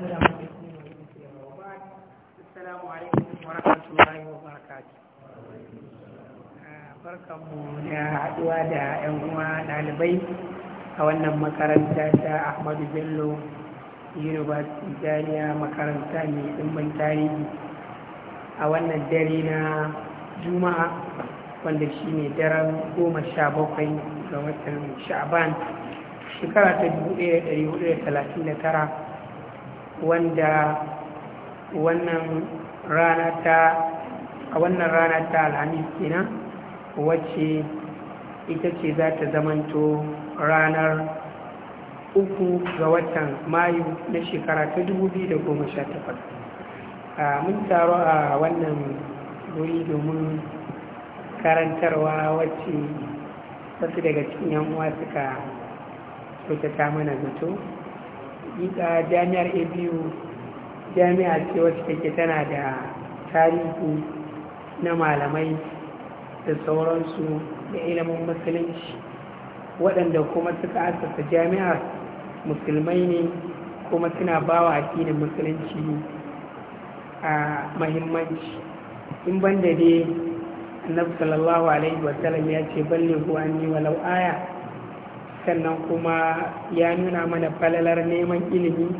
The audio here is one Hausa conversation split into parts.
Assalamu alaikum wa rahmatullahi wa barakatuh. Barkanmu da haɗuwa da 'yan uwa ɗalibai a wannan makaranta ta Ahmadu Bello University Jariya makaranta mai ɗimbin tarihi a wannan dare na Juma'a wanda shi ne daren goma sha bakwai ga watan Sha'aban shekara ta 1439 wanda wannan rana ta a wannan rana ta alhamis kenan wacce ita ce za ta zamanto ranar uku ga watan mayu na shekara ta 2018 mun taro a wannan guri domin karantarwa wacce wasu daga cikin yan uwa suka kyautata mana zato ita jami'ar abu jami'a ce wacce take tana da tarihi na malamai da sauransu da ilimin musulunci waɗanda kuma suka asasa jami'ar musulmai ne kuma suna ba wa addinin musulunci a mahimmanci in banda dai annabi sallallahu alaihi wasallam ya ce balle ko an yi walau aya sannan kuma ya nuna mana falalar neman ilimi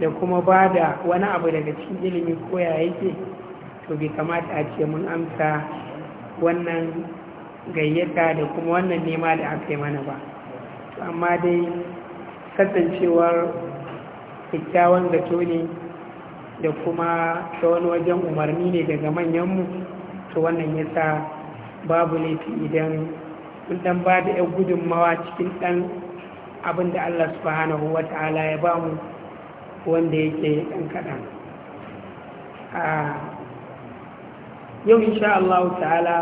da kuma ba da wani abu daga cikin ilimi ko ya yake to bai kamata a ce mun amsa wannan gayyata da kuma wannan nema da aka yi mana ba amma dai kasancewar kyakkyawan zato ne da kuma ta wani wajen umarni ne daga manyanmu to wannan yasa babu laifi idan mun dan ba da yan gudunmawa cikin dan abin da Allah subhanahu wa ta'ala ya ba mu wanda yake dan kaɗan yau insha Allah ta'ala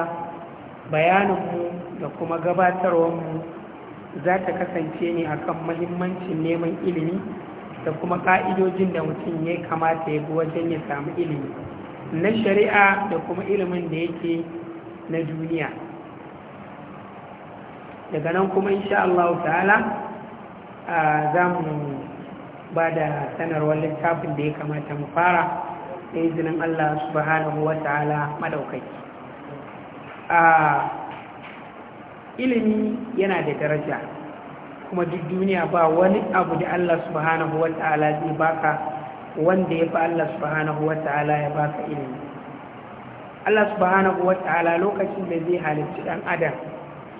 bayaninmu da kuma gabatarwarmu za ta kasance ne akan mahimmancin neman ilimi da kuma ƙa'idojin da mutum ya kamata ya bi wajen ya samu ilimi na shari'a da kuma ilimin da yake na duniya daga nan kuma insha Allah ta'ala za mu ba da sanarwar littafin da ya kamata mu fara da izinin Allah subhanahu wa ta'ala madaukaki ilimi yana da daraja kuma duk duniya ba wani abu da Allah subhanahu wa ta'ala zai baka wanda ya fi Allah subhanahu wa ta'ala ya baka ilimi Allah subhanahu wa ta'ala lokacin da zai halitta dan adam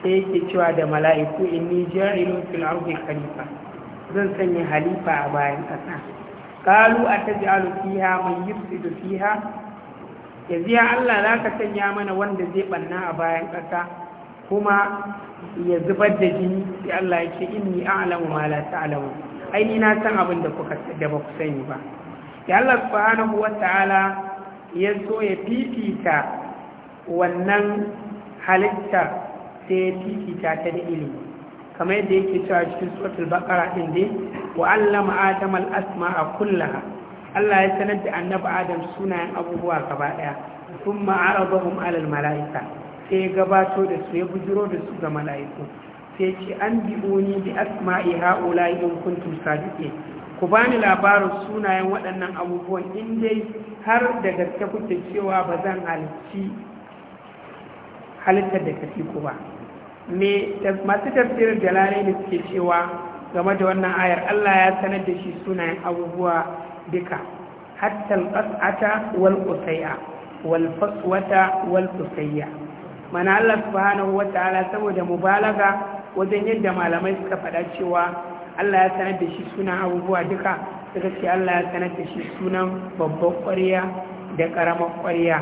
sai yake cewa da mala'iku inni ja'ilun fil ardi khalifa zan sanya halifa a bayan ƙasa qalu ataj'alu fiha su da fiha yanzu ya Allah za ka sanya mana wanda zai ɓanna a bayan ƙasa kuma ya zubar da jini sai Allah ya ce inni a'lamu ma la alamu. ai ni na san abin da baku ku sani ba ya Allah subhanahu ta'ala ya so ya fifita wannan halittar. sai ya fifita ta da ilimi kamar yadda yake cewa cikin suratul baqara din dai wa allama adam al asma'a kullaha Allah ya sanar da annabi adam sunayen abubuwa gaba daya kuma aradahum ala al mala'ika sai ya gabato da su ya bujiro da su ga mala'iku sai ce an bi bi'uni bi asma'i ha'ula in kuntum sadiqin ku bani labarin sunayen waɗannan abubuwan in dai har da gaske kuke cewa ba zan halicci halittar da katiku ba me masu tafsirin jalale da suke cewa game da wannan ayar Allah ya sanar da shi sunayen abubuwa duka hatta al-qas'ata wal qusayya wal faswata wal qusayya mana Allah subhanahu wataala saboda mubalaga wajen yadda malamai suka faɗa cewa Allah ya sanar da shi sunan abubuwa duka suka ce Allah ya sanar da shi sunan babban ƙwarya da ƙaramar ƙwarya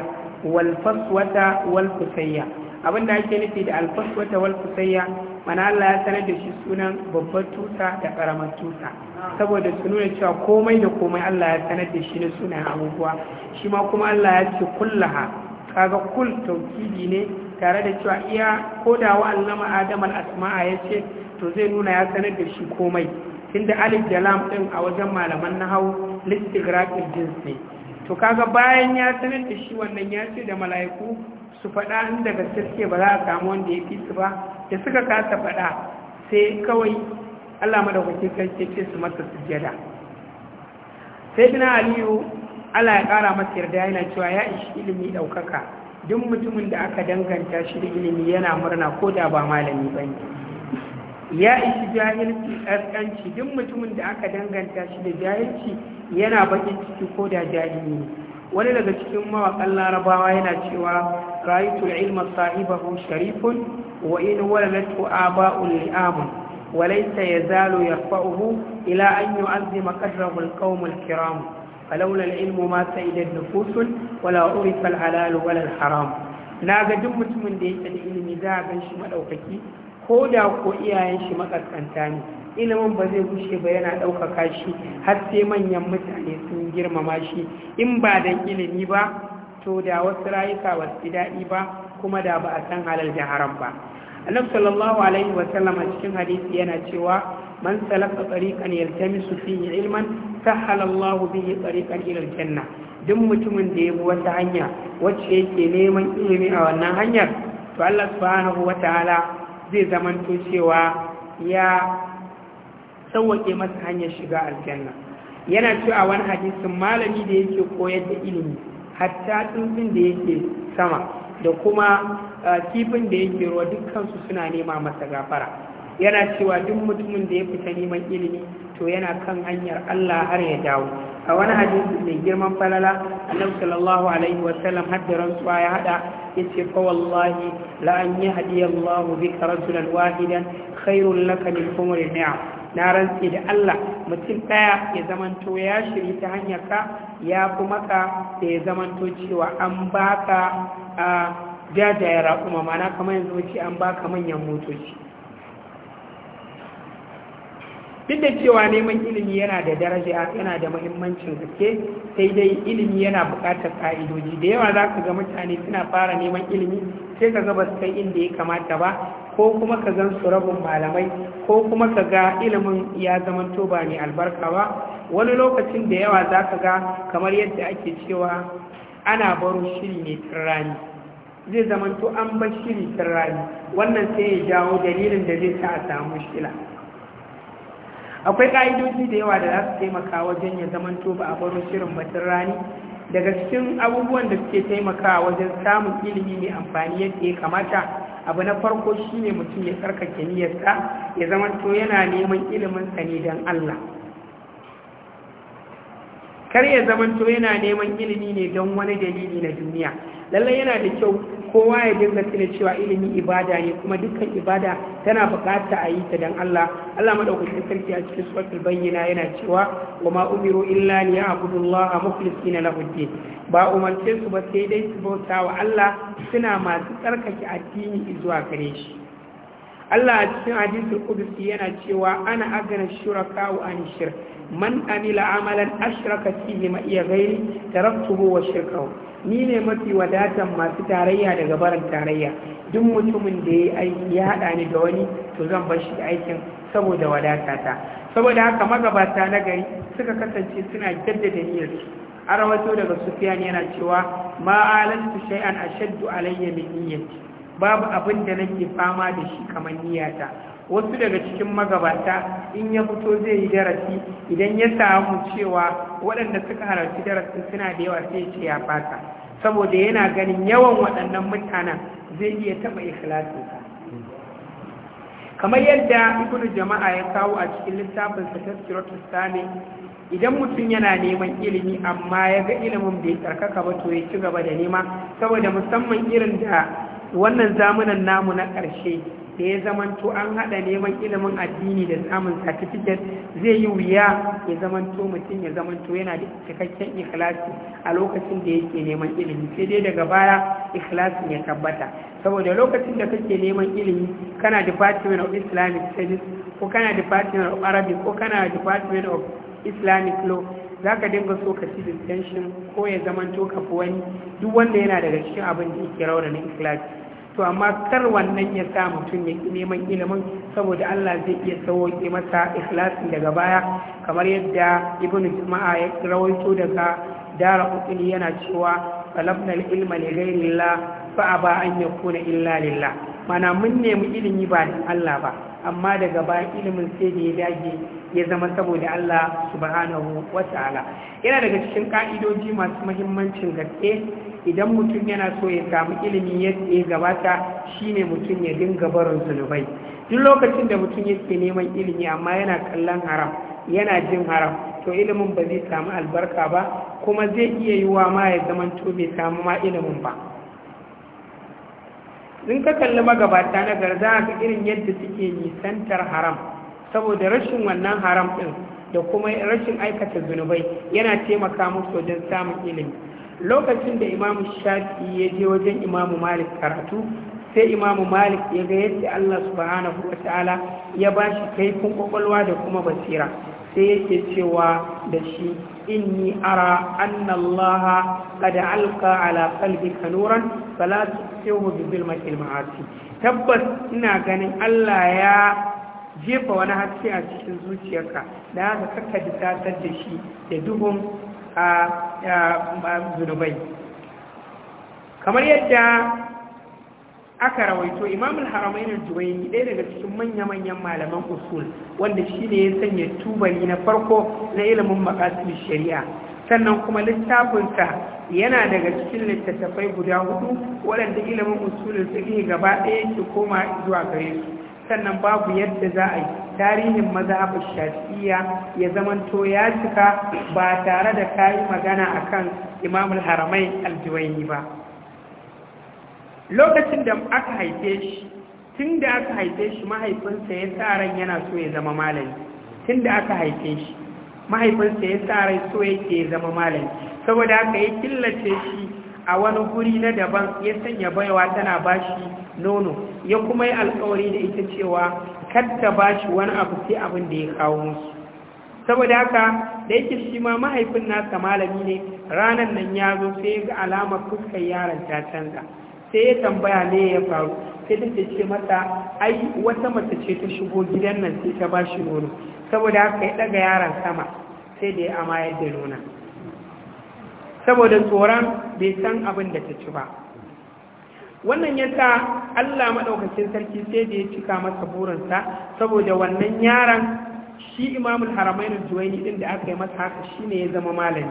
wal faswata wal qusayya abin da ake nufi da alfaswa ta wal kusayya mana Allah ya sanar da shi sunan babbar tuta da karamar tuta saboda su nuna cewa komai da komai Allah ya sanar da shi na sunan abubuwa shi ma kuma Allah ya ce kullaha kaga kul tauhidi ne tare da cewa iya ko da wa allama adam al asma'a yace to zai nuna ya sanar da shi komai tunda alif da lam din a wajen malaman nahawu listigraqil jins ne to kaga bayan ya sanar da shi wannan ya ce da mala'iku su faɗa inda gaske suke ba za a samu wanda ya fi su ba da suka kasa faɗa sai kawai Allah madaukakin sarki ce su masa sujjada sai dina aliyu Allah ya ƙara masa yarda yana cewa ya ishi ilimi ɗaukaka duk mutumin da aka danganta shi da ilimi yana murna ko da ba malami ba ne ya ishi jahilci ƙasƙanci duk mutumin da aka danganta shi da jahilci yana bakin ciki ko da jahili wani daga cikin mawaƙan larabawa yana cewa rayutul ilma sahibahu sharifun wa in walalatu aba'un li'amun wa laysa yazalu yarfa'uhu ila an yu'azzima qadrahu al-qawm kiram falawla al-ilmu ma sa'ida an-nufus wala urifa al-halal wala haram naga duk mutumin da yake da ilimi za a ganshi madaukaki ko da ko iyayen shi makaskanta ne ilimin ba zai gushe ba yana ɗaukaka shi har sai manyan mutane sun girmama shi in ba da ilimi ba to da wasu rayuka ba su daɗi ba kuma da ba a san halal da haram ba annab sallallahu alaihi wa sallam a cikin hadisi yana cewa man salaka tariqan yaltamisu fihi ilman sahala Allahu bihi tariqan ila aljanna duk mutumin da ya bi wata hanya wacce yake neman ilimi a wannan hanyar to Allah subhanahu wataala zai zamanto cewa ya sauwake masa hanyar shiga aljanna yana cewa wani hadisin malami da yake koyar da ilimi hatta tsuntsun da yake sama da kuma eh, kifin da yake ruwa dukkansu suna nema masa gafara yana cewa duk mutumin da ya fita neman ilimi to yana kan hanyar Allah har ya dawo a wani hadisi mai girman falala annabi sallallahu alaihi wa sallam haddaran tsuwa ya hada yace fa wallahi la an yahdi Allah bika rajulan wahidan khairul laka min humri ni'am na rantse da Allah mutum ɗaya ya zamanto ya shiri ta hanyar ka ya fi maka da ya zamanto cewa an baka a jajayen raƙuma mana kamar yanzu ce an ba ka manyan motoci duk da cewa neman ilimi yana da daraja yana da mahimmancin gaske sai dai ilimi yana buƙatar ƙa'idoji da yawa za ka ga mutane suna fara neman ilimi sai ka ga ba su kai inda ya kamata ba ko kuma ka zan su rabin malamai ko kuma ka ga ilimin ya zama ba mai albarka ba wani lokacin da yawa za ka ga kamar yadda ake cewa ana baro shiri ne tirani zai zai to an bar shiri tirani wannan sai ya jawo dalilin da zai sa a samu shila akwai ƙa'idoji da yawa da za su taimaka wajen ya zamanto ba a baro shirin ba tirani daga cikin abubuwan da suke taimakawa wajen samun ilimi mai amfani yadda ya kamata abu na farko shi ne mutum ya tsarkake niyyarsa ya zamanto yana neman ilimin sani ne dan Allah kar ya zamanto yana neman ilimi ne don wani dalili na duniya lallai yana da kyau kowa ya dinga tuna cewa ilimi ibada ne kuma dukkan ibada tana bukata a yi ta dan Allah Allah madaukakin sarki a cikin suratul bayyina yana cewa wa ma umiru illa li ya'budu Allah mukhlisina lahu din ba umarce su ba sai dai su bauta wa Allah suna masu tsarkake addini zuwa gare shi Allah a cikin hadisul qudsi yana cewa ana agana shuraka wa an shirk man amila amalan ashraka fihi ma iya ghairi taraktuhu wa shirkahu ni ne mafi wadatan masu tarayya daga barin tarayya duk mutumin da ya aiki haɗa ni da wani to zan bar shi aikin saboda wadata saboda haka magabata na gari suka kasance suna jaddada niyyarsu a rawato daga sufiyan yana cewa ma'alantu shay'an ashaddu alayya min niyyati babu abin da nake fama da shi kamar niyyata wasu daga cikin magabata in ya fito zai yi darasi idan ya samu cewa waɗanda suka halarci darasin suna da yawa sai ce ya fata saboda yana ganin yawan waɗannan mutanen zai iya taɓa ikhlasinsa kamar yadda ibnu jama'a ya kawo a cikin littafin sa tafsiratu idan mutum yana neman ilimi amma ya ga ilimin bai tsarkaka ba to ya ci gaba da nema saboda musamman irin da wannan zamunan namu na ƙarshe da ya zamanto an haɗa neman ilimin addini da samun certificate zai yi wuya ya zamanto mutum ya zamanto yana da cikakken ikhlasi a lokacin da yake neman ilimi sai dai daga baya ikhlasin ya tabbata saboda lokacin da kake neman ilimi kana department of islamic studies ko kana department of arabic ko kana department of islamic law za ka dinga so ka ci distinction ko ya zamanto ka fi wani duk wanda yana daga cikin abin da yake na ikhlasi to amma kar wannan ya sa mutum ya neman ilimin saboda Allah zai iya sauke masa ikhlasin daga baya kamar yadda ibnu jama'a ya rawaito daga dara ukuli yana cewa talabna ilma li ghairillah fa aba an yakuna illa lillah mana mun nemi ilimi ba da Allah ba amma daga bayan ilimin sai da ya dage ya zama saboda Allah subhanahu wata'ala yana daga cikin ka'idoji masu mahimmancin gaske idan mutum yana so ya samu ilimi yadda ya gabata shine mutum ya dinga barin zunubai duk lokacin da mutum yake neman ilimi amma yana kallon haram yana jin haram to ilimin ba zai samu albarka ba kuma zai iya yiwuwa ma ya zamanto bai samu ma ilimin ba in ka kalli magabata na garza ga irin yadda suke nisantar haram saboda rashin wannan haram ɗin da kuma rashin aikata zunubai yana taimaka musu wajen samun ilimi lokacin da imamu shafi ya je wajen imamu malik karatu sai imamu malik ya ga yadda allah subhanahu wa ta'ala ya ba shi kaifin kwakwalwa da kuma basira sai yake cewa da shi inni ara annallaha qad alqa ala qalbika nuran sai mu bi zulmatil ma'ati tabbas ina ganin Allah ya jefa wani haske a cikin zuciyarka da haka kakka disatar da shi da duhun a zunubai kamar yadda aka rawaito Imam imamul haramain al-juwayni ɗaya daga cikin manya-manyan malaman usul wanda shine ya sanya tubali na farko na ilimin maqasid shari'a sannan kuma littafinsa yana daga cikin littattafai guda hudu waɗanda ilimin usulun fiqh gaba ɗaya yake koma zuwa gare su sannan babu yadda za a yi tarihin mazhabin shafi'iyya ya zamanto ya cika ba tare da kayi magana a akan imamul haramai aljiwaini ba lokacin da aka haife shi tun da aka haife shi mahaifinsa ya sa ran yana so ya zama malami tun da aka haife shi mahaifinsa ya sa rai so yake zama malami saboda haka ya killace shi a wani guri na daban ya sanya baiwa tana bashi nono ya kuma yi alkawari da ita cewa kadda shi wani abu sai abin da ya kawo musu saboda haka da yake shi ma mahaifin nasa malami ne ranar nan ya zo sai ga alamar fuskar yaron ta canza sai ya tambaya ne ya faru sai ta ce mata ai wata mace ce ta shigo gidan nan sai ta ba shi nono saboda haka ya daga yaron sama sai da ya amayar da nuna saboda tsoron bai san abin da ta ci ba wannan ya sa allah maɗaukacin sarki sai da ya cika masa burinsa saboda wannan yaran shi imamul haramainu juwaini ɗin da aka yi masa haka shi ne ya zama malami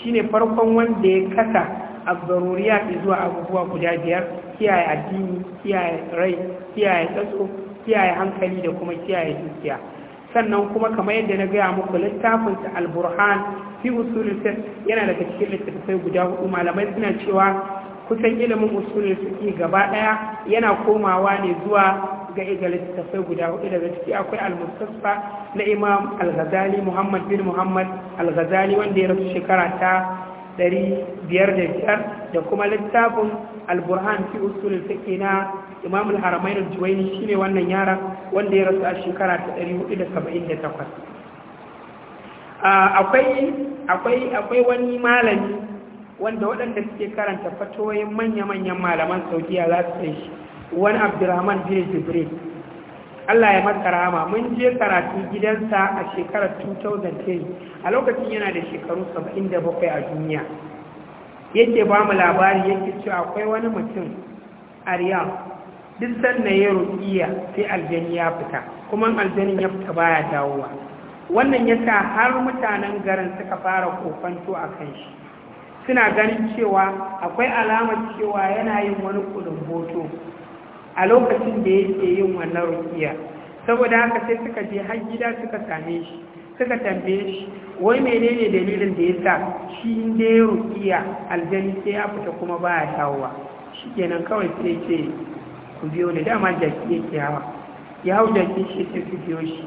shi ne farkon wanda ya kasa fi zuwa abubuwa guda biyar kiyaye addini kiyaye rai kiyaye tsatso kiyaye hankali da kuma kiyaye dukiya sannan kuma kamar yadda na gaya muku littafinsa al-burhan fi usulul fiqh yana daga cikin littattafai guda hudu malamai suna cewa kusan ilimin usulul fiqh gaba daya yana komawa ne zuwa ga ga littattafai guda hudu daga ciki akwai al-mustafa na imam al-ghazali muhammad bin muhammad al-ghazali wanda ya rasu shekara ta 505 da kuma littafin al-burhan fi usulul fiqh na imam al-haramain al-juwayni shine wannan yaran wanda ya rasu a shekara ta 478 akwai wani malami wanda waɗanda suke karanta fatoyin manya-manyan malaman saudiya za su sai shi wani abdurrahman bin jibril Allah ya masa rama mun je karatu gidansa a shekarar 2010 a lokacin yana da shekaru 77 a duniya yake ba mu labari yake cewa akwai wani mutum a duk sannan ya ruƙiya sai aljani ya fita kuma aljanin ya fita baya dawowa wannan ya sa har mutanen garin suka fara kofanto a kan shi suna ganin cewa akwai alamar cewa yana yin wani kulumboto a lokacin da yake yin wannan rukiya saboda haka sai suka je har gida suka same shi suka tambaye shi wai menene dalilin da ya sa shi inda ya ruƙiya aljani sai ya fita kuma baya dawowa shi kenan kawai sai ce ku biyo ni dama jaki ke hawa ya hau jaki shi sai su biyo shi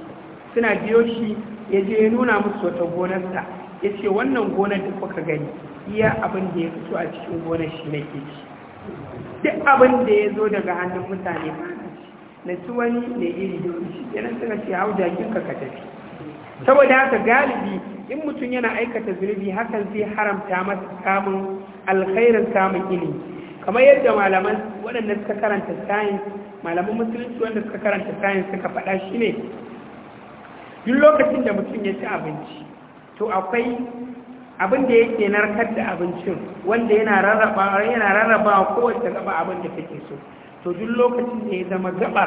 suna biyo shi ya je ya nuna musu wata gonarsa ya ce wannan gonar da kuka gani iya abin da ya fito a cikin gonar shi na ke ci duk abin da ya zo daga hannun mutane ba na ci na ci wani ne iri da wani shi yana suka ce hau jakin ka ka tafi saboda haka galibi in mutum yana aikata zunubi hakan zai haramta masa samun alkhairin samun ilimi kamar yadda malaman waɗanda suka karanta science malaman musulunci wanda suka karanta science suka faɗa shi ne duk lokacin da mutum ya ci abinci to akwai abin da yake narkar da abincin wanda yana rarraba yana kowace gaba abin da take so to duk lokacin da ya zama gaba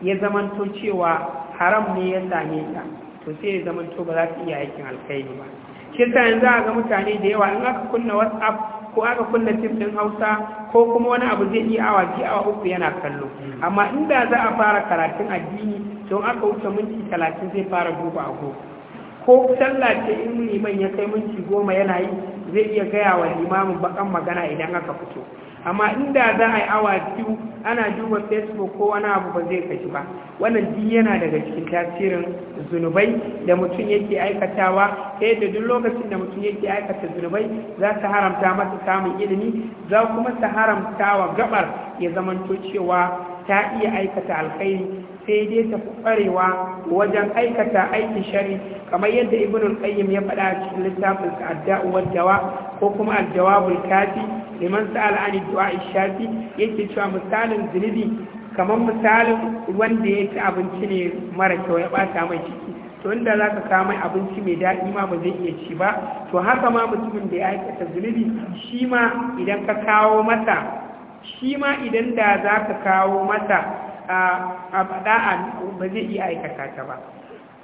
ya zamanto cewa haram ne ya same ta to sai ya zamanto ba za su iya aikin alkhairi ba shi yasa yanzu a ga mutane da yawa in aka kunna whatsapp ko aka kunna fim din hausa ko kuma wani abu zai iya awa biyu awa uku yana kallo amma inda za a fara karatun addini don aka wuce minti talatin zai fara duba ago ko sallah ce in liman ya kai minti goma yana yi zai iya gaya wa limamin bakan magana idan aka fito amma inda za a yi awa biyu ana duba facebook ko wani abu ba zai kashi ba wannan jini yana daga cikin tasirin zunubai da mutum yake aikatawa ta yadda duk lokacin da mutum yake aikata zunubai za su haramta masa samun ilimi za kuma su haramta wa gabar ya zamanto cewa ta iya aikata alkhairi sai dai ta fi kwarewa wajen aikata aikin shari kamar yadda al qayyim ya faɗa a cikin littafin sa adda'u wa dawa ko kuma al-jawabul kafi liman sa'ala an du'a shafi yake cewa misalin zunubi kamar misalin wanda ya ci abinci ne mara kyau ya bata mai ciki to inda za ka mai abinci mai daɗi ma ba zai iya ci ba to haka ma mutumin da ya aikata zunubi shi ma idan ka kawo mata shi ma idan da za ka kawo mata. a da'a ba zai iya aikata ta ba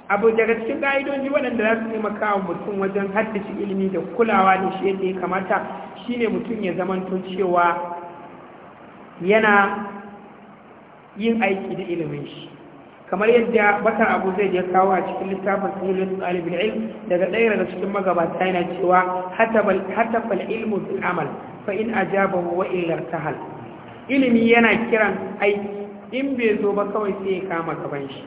abu daga cikin ƙa'idoji waɗanda za su taimaka kawo mutum wajen haddace ilimi da kulawa da shi yadda ya kamata shine mutum ya zama cewa yana yin aiki da ilimin shi kamar yadda bakar abu zai ya kawo a cikin littafin sahihul alibin ilm daga ɗaya daga cikin magabata yana cewa hatafal ilmu fil amal fa in ajabahu wa illa tahal ilimi yana kiran aiki in bai zo ba kawai sai ya kama gaban shi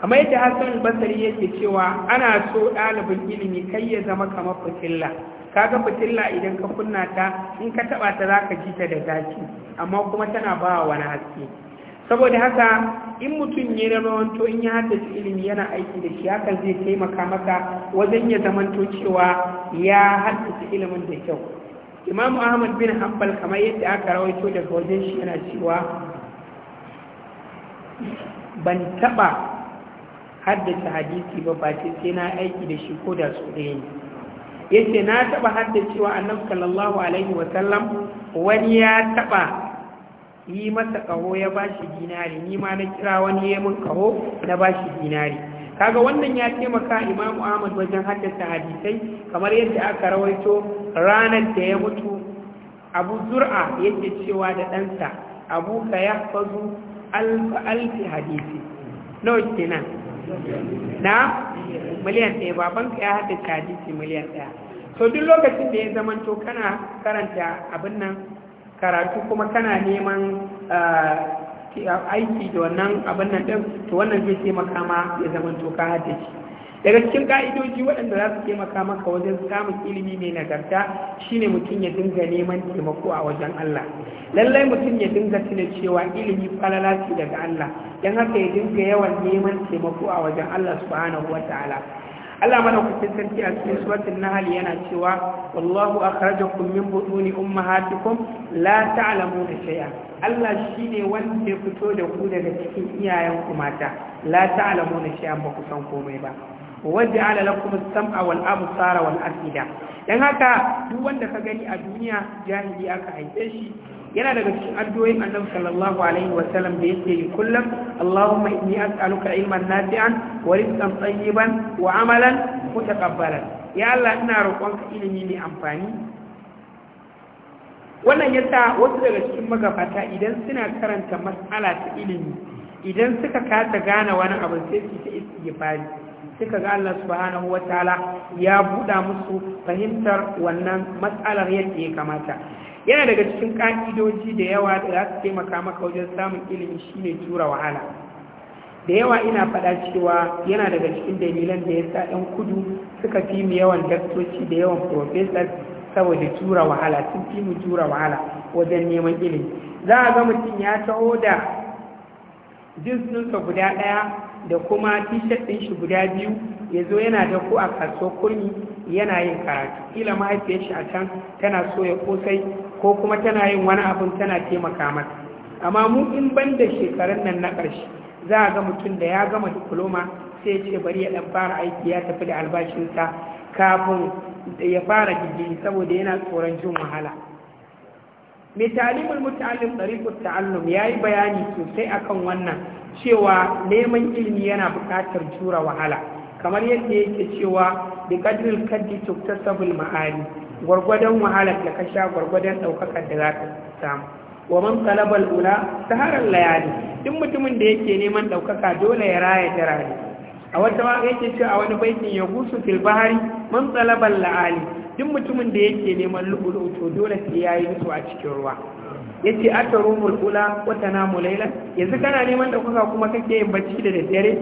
kamar yadda hassan basari yake cewa ana so ɗalibin ilimi kai ya zama kamar fitilla kaga fitilla idan ka kunna ta in ka taɓa ta zaka ji ta da zaki amma kuma tana ba wani haske saboda haka in mutum ya rawanto in ya haddace ilimi yana aiki da shi hakan zai taimaka maka wajen ya zamanto cewa ya haddace ilimin da kyau Imam ahmad bin hanbal kamar yadda aka rawaito daga wajen shi yana cewa ban taɓa haddace hadisi ba ba sai na aiki da shi ko da su ɗaya ne ya ce na taɓa haddacewa annabi sallallahu alaihi wasallam wani ya taɓa yi masa ƙaho ya ba shi dinari ni ma na kira wani ya min kaho na ba shi dinari kaga wannan ya taimaka imamu ahmad wajen haddasa hadisai kamar yadda aka rawaito ranar da ya mutu abu zur'a yake cewa da ɗansa abu ka ya fazu alfa alfi hadisi nawa kenan na miliyan ɗaya babanka ya haɗa hadisi miliyan ɗaya so duk lokacin da ya zamanto kana karanta abin nan karatu kuma kana neman eh, aiki da wannan abin nan ɗin to wannan zai taimaka ma ya zamanto ka haddace daga cikin ka'idoji waɗanda za su taimaka maka wajen samun ilimi mai nagarta shine mutum ya dinga neman taimako a wajen Allah lallai mutum ya dinga tuna cewa ilimi falala ce daga Allah yan haka ya dinga yawan neman taimako a wajen Allah subhanahu ta'ala Allah mana kuke sarki a cikin suratul nahl yana cewa wallahu akhrajakum min butuni ummahatikum la ta'lamuna shay'a Allah shi ne wanda ya fito da ku daga cikin iyayenku mata la ta'lamuna shay'an ba ku san komai ba wadda ala lakum sam'a wal absara wal afida dan haka duk wanda ka gani a duniya jahili aka haife shi yana daga cikin addu'o'in annabi sallallahu alaihi wa sallam da yake yi kullum Allahumma inni as'aluka ilman nafi'an wa rizqan tayyiban wa amalan mutaqabbalan ya Allah ina roƙonka ilimi mai amfani wannan yasa wasu daga cikin magabata idan suna karanta mas'ala ta ilimi idan suka kasa gane wani abu sai su ta istighfari Suka ga Allah subhanahu wa ta'ala ya buɗa musu fahimtar wannan matsalar yadda ya kamata yana daga cikin ƙa'idoji da yawa da za su taimaka maka wajen samun ilimi shine tura wahala da yawa ina faɗa cewa yana daga cikin dalilan da ya sa 'yan kudu suka fi mu yawan daktoci da yawan profesor saboda tura wahala sun fi mu tura wahala wajen neman ilimi za a ga mutum ya taho da jinsinsa guda ɗaya da kuma t-shirt ɗin shi guda biyu ya zo yana da ko a kaso kurmi yana yin karatu kila mahaifiyar shi a can tana soya kosai ko kuma tana yin wani abin tana taimaka mata amma mu in ban da shekarun nan na ƙarshe za a ga mutum da ya gama diploma sai ce bari ya ɗan fara aiki ya tafi da albashinsa kafin ya fara digiri saboda yana tsoron jin wahala mai talibin mutalin tariqut ta'allum yi bayani sosai akan wannan cewa neman ilimi yana bukatar jura wahala kamar yadda yake cewa da qadril kaddi sabul ma'ari gwargwadon wahalar da ka sha gwargwadon ɗaukakar da za ka samu wa man talabal ula saharar layali duk mutumin da yake neman ɗaukaka dole ya raya jarari. a wata waƙa yake cewa a wani baitin ya gusu fil man talabal la'ali duk mutumin da yake neman lubulu to dole sai yayi mutu a cikin ruwa yace ataru mulula wa tanamu layla yanzu kana neman da kuka kuma kake yin bacci da daddare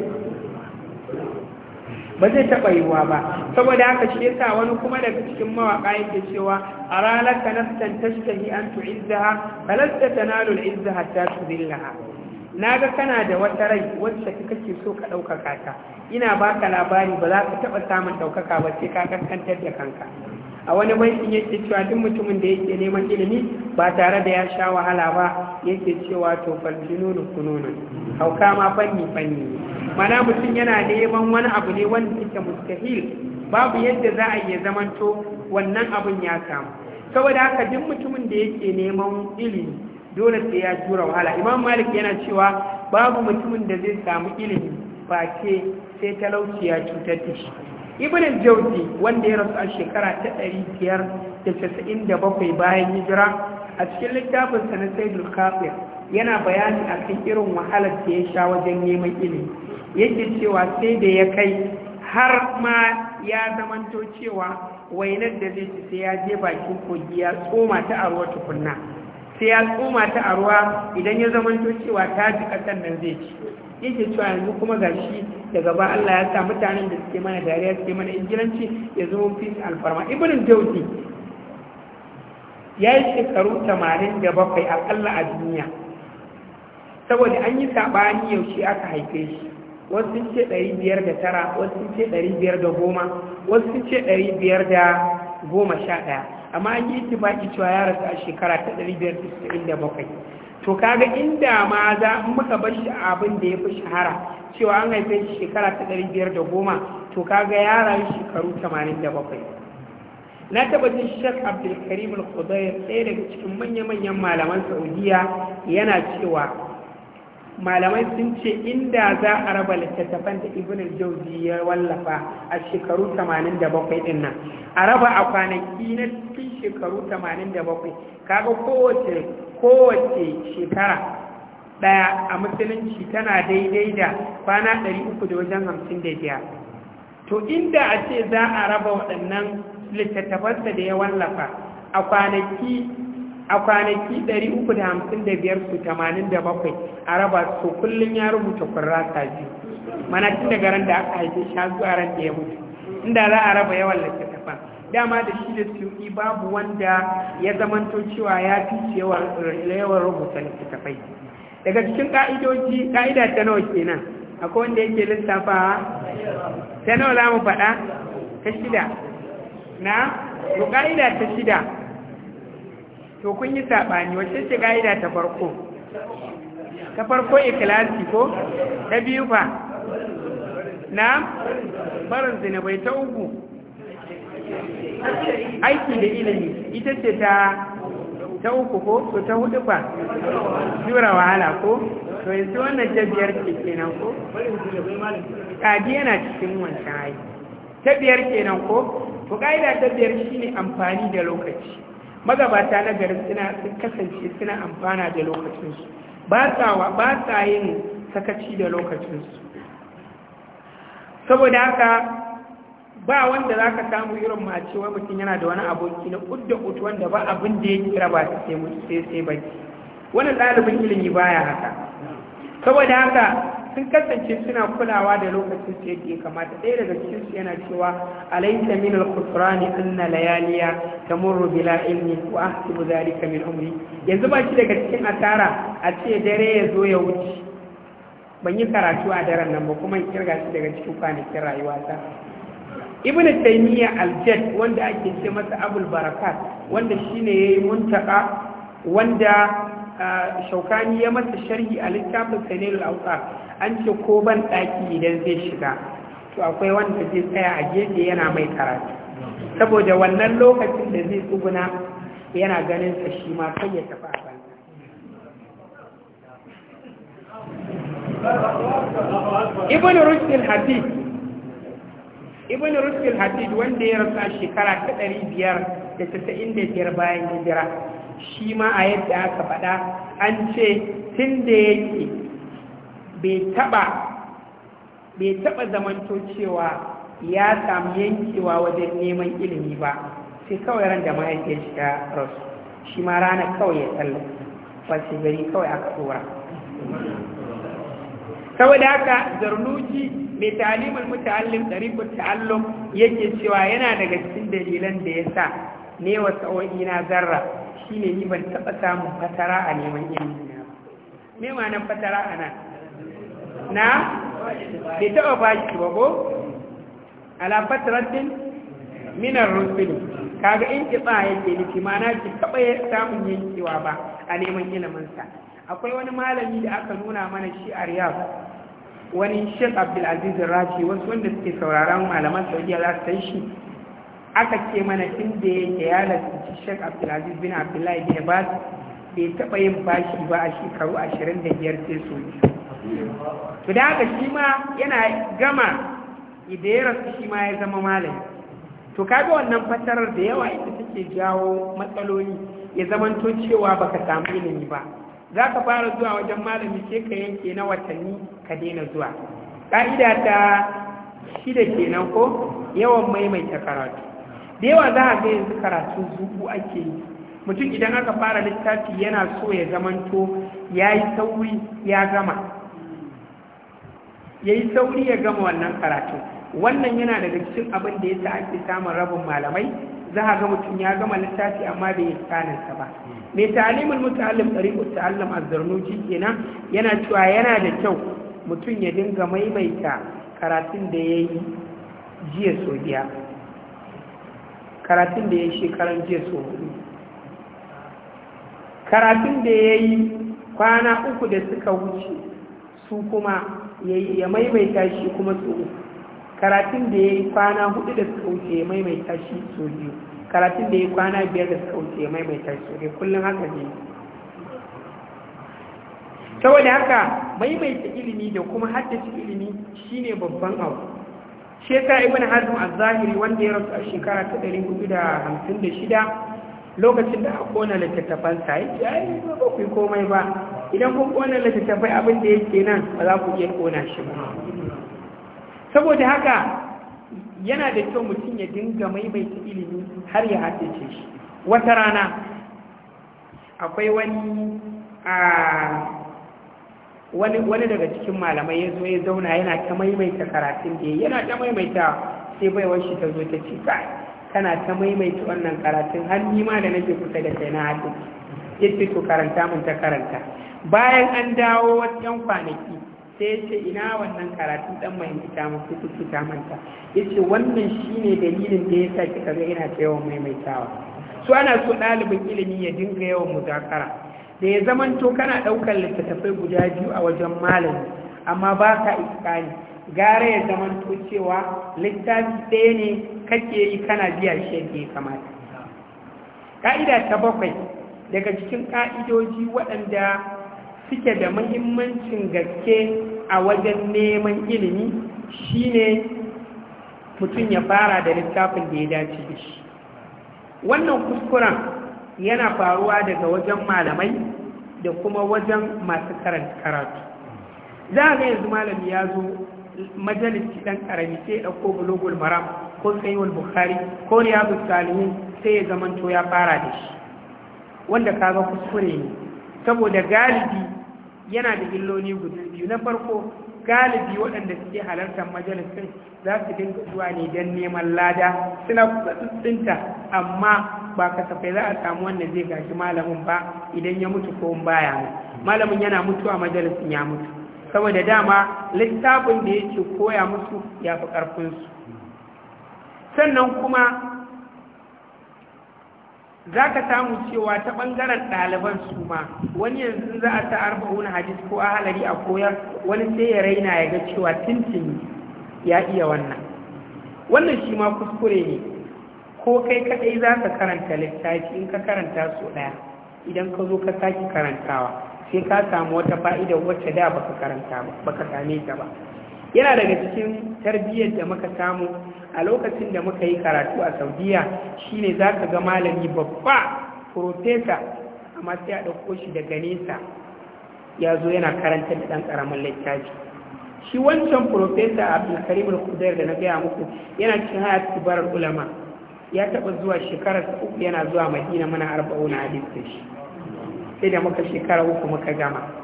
ba zai taɓa yiwa ba saboda haka shi yasa wani kuma daga cikin mawaka yake cewa a ranar nafsan tashtahi an tu'izzaha falasta tanalu al'izza hatta tudillaha naga kana da wata rai wacce kake so ka ɗaukaka ta ina baka labari ba za ka taɓa samun ɗaukaka ba sai ka kaskantar da kanka a wani bankin yake cewa duk mutumin da yake neman ilimi ba tare da ya sha wahala ba yake cewa to da kununun hauka ma fanni fanni mana mutum yana neman wani abu ne wanda yake mustahil babu yadda za a iya zamanto wannan abun ya samu saboda haka duk mutumin da yake neman ilimi dole sai ya jura wahala imam malik yana cewa babu mutumin da zai samu ilimi ba ce sai talauci ya cutar da shi ibn al-jawzi wanda ya rasu a shekara ta ɗari biyar da casa'in da bakwai bayan hijira a cikin littafinsa na saidul kafir yana bayani a kan irin wahalar da ya sha wajen neman ilimi yake cewa sai da ya kai har ma ya zamanto cewa wainar da zai ci sai ya je bakin kogi ya tsoma ta a ruwa tukunna sai ya tsoma ta a ruwa idan ya zamanto cewa ta ji ƙasar nan zai ci yake cewa yanzu kuma ga shi da gaba Allah ya sa mutanen da suke mana dariya suke mana ingilanci ya zo fi alfarma ibn jauzi ya yi shekaru 87 akalla a duniya saboda an yi saɓani yaushe aka haife shi wasu sun ce 509 wasu sun ce 510 wasu sun ce 500 goma sha ɗaya amma an yi baƙi cewa ya rasu a shekara ta ɗari biyar da bakwai to kaga inda ma za in muka bar shi abin da ya fi shahara cewa an haife shi shekara ta ɗari biyar da goma to kaga ya rayu shekaru tamanin da bakwai na taɓa jin shek abdulkarim al-khudayr ɗaya daga cikin manya-manyan malaman saudiya yana cewa malamai sun ce inda za a raba littattafan da ibn al-jawzi ya wallafa a shekaru 87 din nan a raba a kwanaki na cikin shekaru 87 kaga kowace kowace shekara daya a musulunci tana daidai da kwana 300 da wajen 55 to inda a ce za a raba waɗannan littattafansa da ya wallafa a kwanaki a kwanaki 355 87 a raba su kullum ya rubuta kurrasa biyu mana tun daga ran da aka haifi sha zuwa ran da ya mutu inda za a raba yawan tafa dama da shi da suyuki babu wanda ya zamanto cewa ya fi yawan rubuta tafai daga cikin ka'idoji ka'ida ta nawa kenan akwai wanda yake lissafa ta nawa za mu faɗa ta shida na ka'ida ta shida to kun yi saɓani wacce ce ƙa'ida ta farko ta farko ikilasi ko ta biyu fa na barin zinabai ta uku aiki da ilimi ita ce ta ta uku ko to ta hudu fa jura wahala ko to yanzu wannan ta biyar ce kenan ko kadi yana cikin wancan aiki ta biyar kenan ko to ƙa'ida ta biyar shine amfani da lokaci magabata na garin suna kasance suna amfana da lokacinsu ba sa yin sakaci da lokacinsu saboda haka ba wanda za ka samu irin a cewa mutum yana da wani aboki na kudda kutu wanda ba abin da ya kira ba su sai sai sai Wani ɗalibin ilimi baya haka saboda haka sun kasance suna kulawa da lokacin su yadda kamata ɗaya daga cikin su yana cewa alaita min al anna layaliya tamurru bila ilmi wa ahsibu zalika min umri yanzu ba shi daga cikin asara a ce dare ya zo ya wuce ban yi karatu a daren nan ba kuma in kirga shi daga cikin kwanakin rayuwata ibn taymiya al wanda ake ce masa abul barakat wanda shine yayi muntaka wanda shaukani ya masa sharhi a littafin sanilul autar an ce ko ban ɗaki idan zai shiga to akwai wanda zai tsaya a gefe yana mai karatu saboda wannan lokacin da zai tsuguna yana ganin sa shi ma kai ya tafi a banza ibn rushdil hadid ibn rushdil hadid wanda ya rasa shekara ta 595 bayan hijira shi ma a yadda aka faɗa an ce tun da yake bai taɓa zamanto cewa ya samu yankewa wajen neman ilimi ba sai kawai ran da mahaifiyar shiga rasu shi ma rana kawai ya tsallaka wasu gari kawai aka tsora saboda haka zarnuci mai talimul ɗari ɗariƙun ta'allum yake cewa yana daga cikin dalilan da ya sa ne wa sa'o'i na zarra ne ni ban taɓa samun fatara a neman ilimina ba. me nan fatara a nan na bai taɓa ba shi ba ko ala fataratin minar rufin. kaga in kitsa yake nufi na ki taɓa samun yankewa ba a neman iliminsa akwai wani malami da aka nuna mana shi a riyar wani shek abdulaziz Rashi, wasu wanda suke sauraron malaman saudiya za su san shi aka ce mana inda da ya lantarki shek abdulaziz bin abdullahi bin abbas bai taɓa yin bashi ba a shekaru ashirin da biyar sai so yi to da haka shi ma yana gama idan ya rasu shi ma ya zama malami to kaga wannan fatarar da yawa ita take jawo matsaloli ya zamanto cewa baka samu ilimi ba za ka fara zuwa wajen malami ce ka yanke na watanni ka daina zuwa ƙa'ida ta shida kenan ko yawan maimaita karatu da yawa za a ga yanzu karatu zuku ake yi mutum idan aka fara littafi yana so ya zamanto ya yi sauri ya gama ya yi sauri ya gama wannan karatu. wannan yana daga cikin abin da ya sa ake samun rabin malamai za a ga mutum ya gama littafi amma bai yi tsanansa ba mai ta'alimin muta'allim ɗariƙu ta'allim azzarnuji kenan yana cewa yana da kyau mutum ya dinga maimaita karatun da ya yi jiya so biya karatun da ya yi shekaran jiya hudu karatun da ya yi kwana uku da suka wuce su kuma ya maimaita shi kuma su uku karatun da ya yi kwana hudu da suka wuce ya maimaita shi su biyu karatun da ya yi kwana biyar da suka wuce ya maimaita shi so biyu kullum haka ne saboda haka maimaita ilimi da kuma haddace ilimi shine babban abu sheka ibn hazm al zahiri wanda ya rasu a shekara ta 456 lokacin da aka kona littattafan sa yace ai ba ku komai ba idan kun kona littattafai abin da yake nan ba za ku iya kona shi ba saboda haka yana da kyau mutum ya dinga maimaita ilimi har ya haddace shi wata rana akwai wani a wani daga cikin malamai ya zo ya zauna yana ta maimaita karatun da yana ta maimaita sai baiwar shi ta zo ta ce ka kana ta maimaita wannan karatun har ni ma da nake kusa da kai na hadin yace to karanta mun ta karanta bayan an dawo wajen kwanaki sai ce ina wannan karatun dan maimaita mun ku ku ta manta yace wannan shine dalilin da yasa kika ga ina ta yawan maimaitawa su ana so ɗalibin ilimi ya dinga yawan muzakara da ya zamanto kana ɗaukar littattafai guda biyu a wajen malami amma ba ka iskani gara ya zamanto cewa littafi ɗaya ne kake yi kana biya shi yadda ya kamata ƙa'ida ta bakwai daga cikin ƙa'idoji waɗanda suke da muhimmancin gaske a wajen neman ilimi shine mutum ya fara da littafin da ya dace da shi wannan kuskuren yana faruwa daga wajen malamai da kuma wajen masu karatu za a ga yanzu malami ya zo majalisi ɗan ƙarami sai ya ɗauko bulogul maram ko sayuwar bukhari ko ya bukari sai ya zamanto ya fara da shi wanda ka ga kuskure ne saboda galibi yana da illoli guda biyu na farko galibi waɗanda suke halartar majalisun za su dinga zuwa ne don neman lada suna kusurtsinta amma ba kasafai za a samu wanda zai gashi malamin ba idan ya mutu ko baya ne malamin yana mutuwa majalisun ya mutu saboda dama littafin da yake koya musu ya fi ƙarfinsu sannan kuma za ka samu cewa ta ɓangaren ɗaliban su ma wani yanzu za a ta wani hadis ko ahalari a koyar wani sai ya raina ya ga cewa tintini ya iya wannan wannan shi ma kuskure ne ko kai kaɗai za ka karanta littafi in ka karanta su ɗaya idan ka zo ka sake karantawa sai ka samu wata fa'ida wacce da baka karanta ba baka same ta ba yana daga cikin tarbiyyar da muka samu a lokacin da muka yi karatu a saudiya shine za ka ga malami babba profesa amma sai a ɗauko shi daga nesa ya zo yana karanta da ɗan ƙaramin littafi shi wancan profesa abdulkarim al-kudayar da na gaya muku yana cikin hayar kibarar ulama ya taɓa zuwa shekarar uku yana zuwa madina mana arba'una a shi sai da muka shekara uku muka gama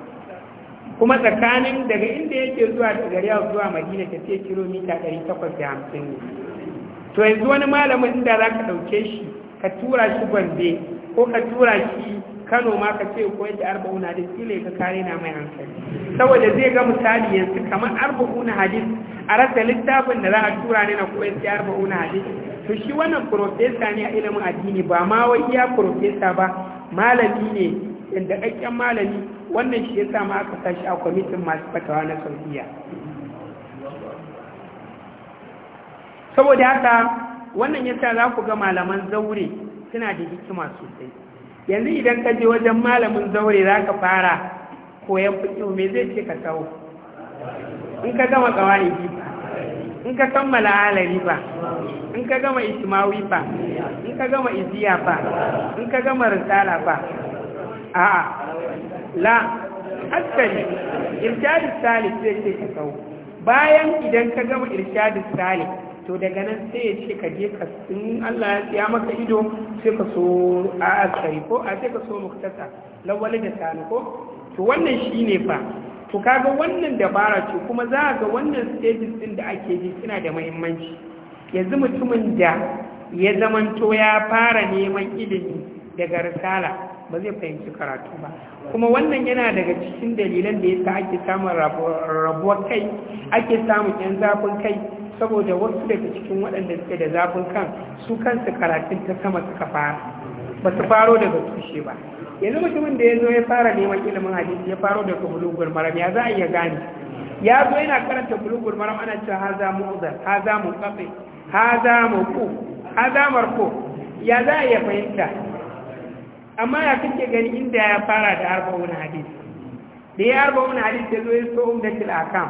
kuma tsakanin daga inda yake zuwa daga riyadh zuwa madina ce kilomita 850 ne to yanzu wani malamin inda za ka ɗauke shi ka tura shi gombe ko ka tura shi kano ma ka ce koyar arba'u na hadis sile ka kare na mai hankali saboda zai ga misali yanzu kamar na hadis a rasa littafin da za a tura ne na koyar arba'u na hadis to shi wannan profesa ne a ilimin addini ba ma wai iya profesa ba malami ne yanda kakken malami wannan shi ya sa ma aka sashi a kwamitin masu fatawa na saudiya saboda haka wannan ya sa za ku ga malaman zaure suna da hikima sosai yanzu idan ka je wajen malamin zaure za ka fara koyan fikihu me zai ce ka tsawo in ka gama ba in ka kammala alari ba in ka gama ismawi ba in ka gama iziya ba in ka gama risala ba a'a la haskari irshadus salih zai ce ka sau bayan idan ka gama irshadus salih to daga nan sai ya ce ka je ka in Allah ya maka ido sai ka so a askari ko a sai ka so muktasa lawali da sani ko to wannan shi ne fa to kaga wannan dabara ce kuma za a ga wannan stages din da ake ji suna da muhimmanci yanzu mutumin da ya zamanto ya fara neman ilimi daga risala ba zai fahimci karatu ba kuma wannan yana daga cikin dalilan da yasa ake samun rabuwar kai ake samun yan zafin kai saboda wasu daga cikin waɗanda suke da zafin kan su kansu karatun ta sama suka fara ba su faro daga tushe ba yanzu mutumin da ya zo ya fara neman ilimin hadisi ya faro daga bulugul maram ya za a iya gane ya zo yana karanta bulugul maram ana cewa ha za uzar ha za mu kafe ha za mu ku ha za marko ya za a iya fahimta amma ya kake gani inda ya fara da arba'un hadisi da ya arba'un hadis ya zo ya so umdatul akam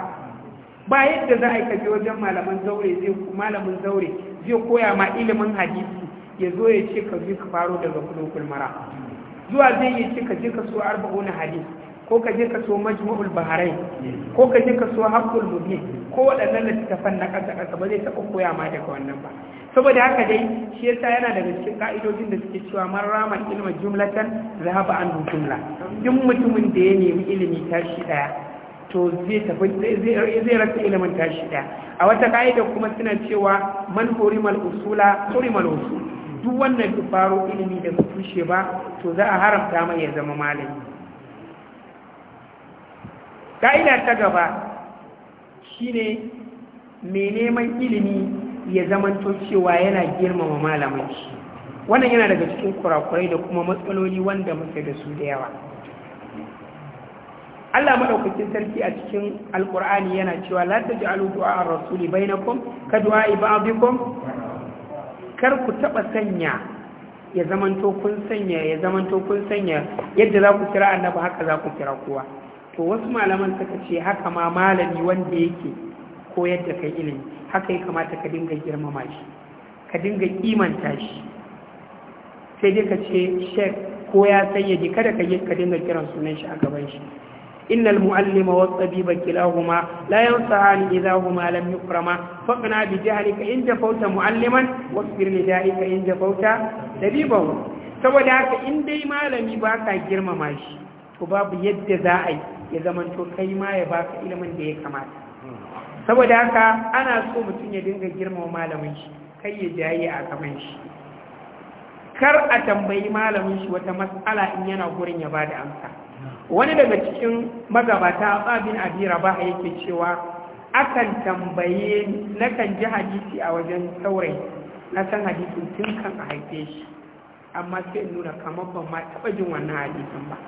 ba yadda za a yi wajen malaman zaure zai malamin zaure zai koya ma ilimin hadisi ya zo ya ce ka je ka faro daga kulokul mara zuwa zai yi ce ka je ka so arba'un hadis ko ka je ka so majmu'ul baharai ko ka je ka so haqqul mubin ko waɗannan littattafan na ƙasa ƙasa ba zai taɓa koya ma daga wannan ba saboda haka dai shi yasa yana daga cikin ka'idojin da suke cewa man rama ilma jumlatan zahaba an jumla duk mutumin da ya nemi ilimi tashi daya to zai tafi zai rasa ilimin tashi daya a wata ka'ida kuma suna cewa man hurimal usula hurimal usul duk wannan dubaro ilimi da tushe ba to za a haramta mai ya zama malami ka'ida ta gaba shine mai neman ilimi ya zamanto cewa yana girmama malamin wannan yana daga cikin kurakurai da kuma matsaloli wanda muke da su da yawa Allah madaukakin sarki a cikin alkur'ani yana cewa la taj'alu du'a ar-rasuli bainakum ka du'a ibadikum kar ku taba sanya ya zamanto kun sanya ya zamanto kun sanya yadda za ku kira annabi haka za ku kira kowa to wasu malaman suka ce haka ma malami wanda yake koyar da kai ilimi haka ya kamata ka dinga girmama shi ka dinga kimanta shi sai dai ka ce shek ko ya sayyadi kada ka yi ka dinga kiran sunan shi a gaban shi إن المعلم والطبيب كلاهما لا ينصحان إذاهما لم يكرما فاقنا بجهلك إن جفوت معلما واصبر لذلك إن جفوت طبيبا saboda haka in dai malami baka girmama shi to babu yadda za a yi ya zamanto kai ma ya baka ilimin da ya kamata saboda haka ana so mutum ya dinga girmama malamin shi kai ya jaye a kaman shi kar a tambayi malamin shi wata matsala in yana gurin ya bada amsa wani daga cikin magabata abin abi ba yake cewa akan tambaye na kan ji hadisi a wajen saurayi na san hadisi tun kan a haife shi amma sai in nuna kamar ban ma taɓa jin wannan hadisin ba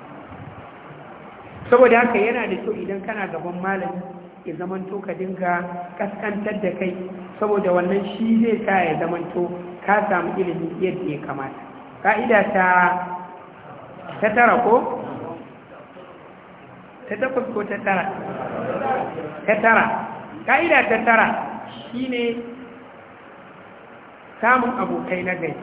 saboda haka yana da kyau idan kana gaban malami zaman to ka dinga kaskantar da kai saboda wannan shi zai sa ya to ka samu ilimi yadda ya kamata ka'ida ta ta tara ko ta takwas ko ta tara ta tara ka'ida ta tara shine samun abokai na gari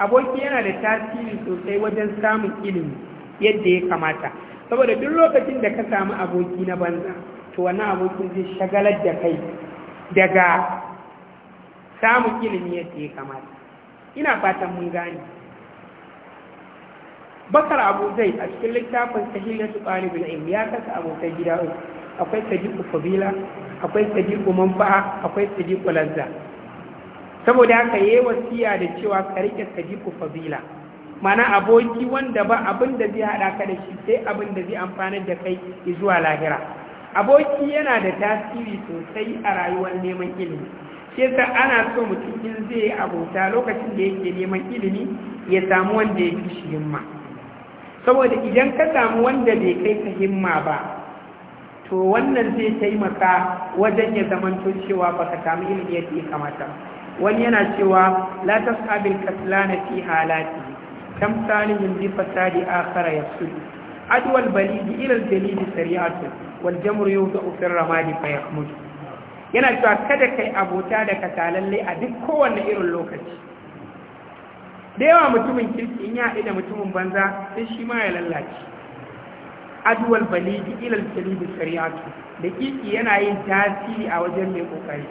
aboki yana da tasiri sosai wajen samun ilimi yadda ya kamata saboda duk lokacin da ka samu aboki na banza to wannan abokin zai shagalar da kai daga samun ilimi yadda ya kamata ina fatan mun gane bakar abu zai a cikin littafin sahila su ɗalibin ilmi ya kasa abokan gida uku akwai sadiku fabila akwai sadiku manfa'a akwai sadiku lazza saboda haka yi wasiya da cewa ka rike sadiku fabila mana aboki wanda ba abin da zai haɗa ka da shi sai abin da zai amfanar da kai zuwa lahira aboki yana da tasiri sosai a rayuwar neman ilimi shi ana so mutum in zai abota lokacin da yake neman ilimi ya samu wanda ya fi shi himma saboda idan ka samu wanda bai kai ka himma ba to wannan zai taimaka wajen ya zamanto cewa ba ka samu ilimi ya fi kamata wani yana cewa la tasqabil kaslana fi halati kam salihin bi fasadi akhara yafsudu عدوى البليد إلى الجليد سريعة والجمر يوضع في الرماد فيخمد yana cewa kada kai abota da ka katalalle a duk kowanne irin lokaci da yawa mutumin kirki in ya haɗu da mutumin banza sai shi ma ya lallace aduwal balidi ilal kalibi shari'atu da kiki yana yin tasiri a wajen mai ƙoƙari.